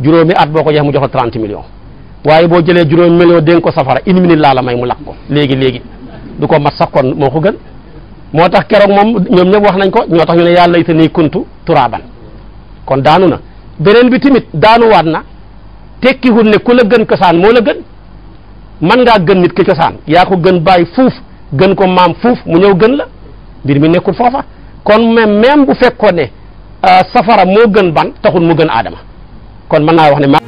juróomi at boo ko joxe mu jox la trente millions waaye boo jëlee juróomi million dénk ko safara une minute laa la may mu lakk ko léegi léegi du ko mat sax kon moo ko gën moo tax keroog moom ñoom ñëpp wax nañ ko ñoo tax ñu ne yàlla it nii kuntu turaaban kon daanu na beneen bi tamit daanuwaat na tekkiwul ne ku la gën cosaan moo gën man ngaa gën nit ki cosaan yaa ko gën bàyyi fuuf gën ko maam fuuf mu ñëw gën la mbir mi nekkul foofa kon même même bu fekkoon ne euh, safara moo gën ban taxul mu gën aadama kon mën naa wax ne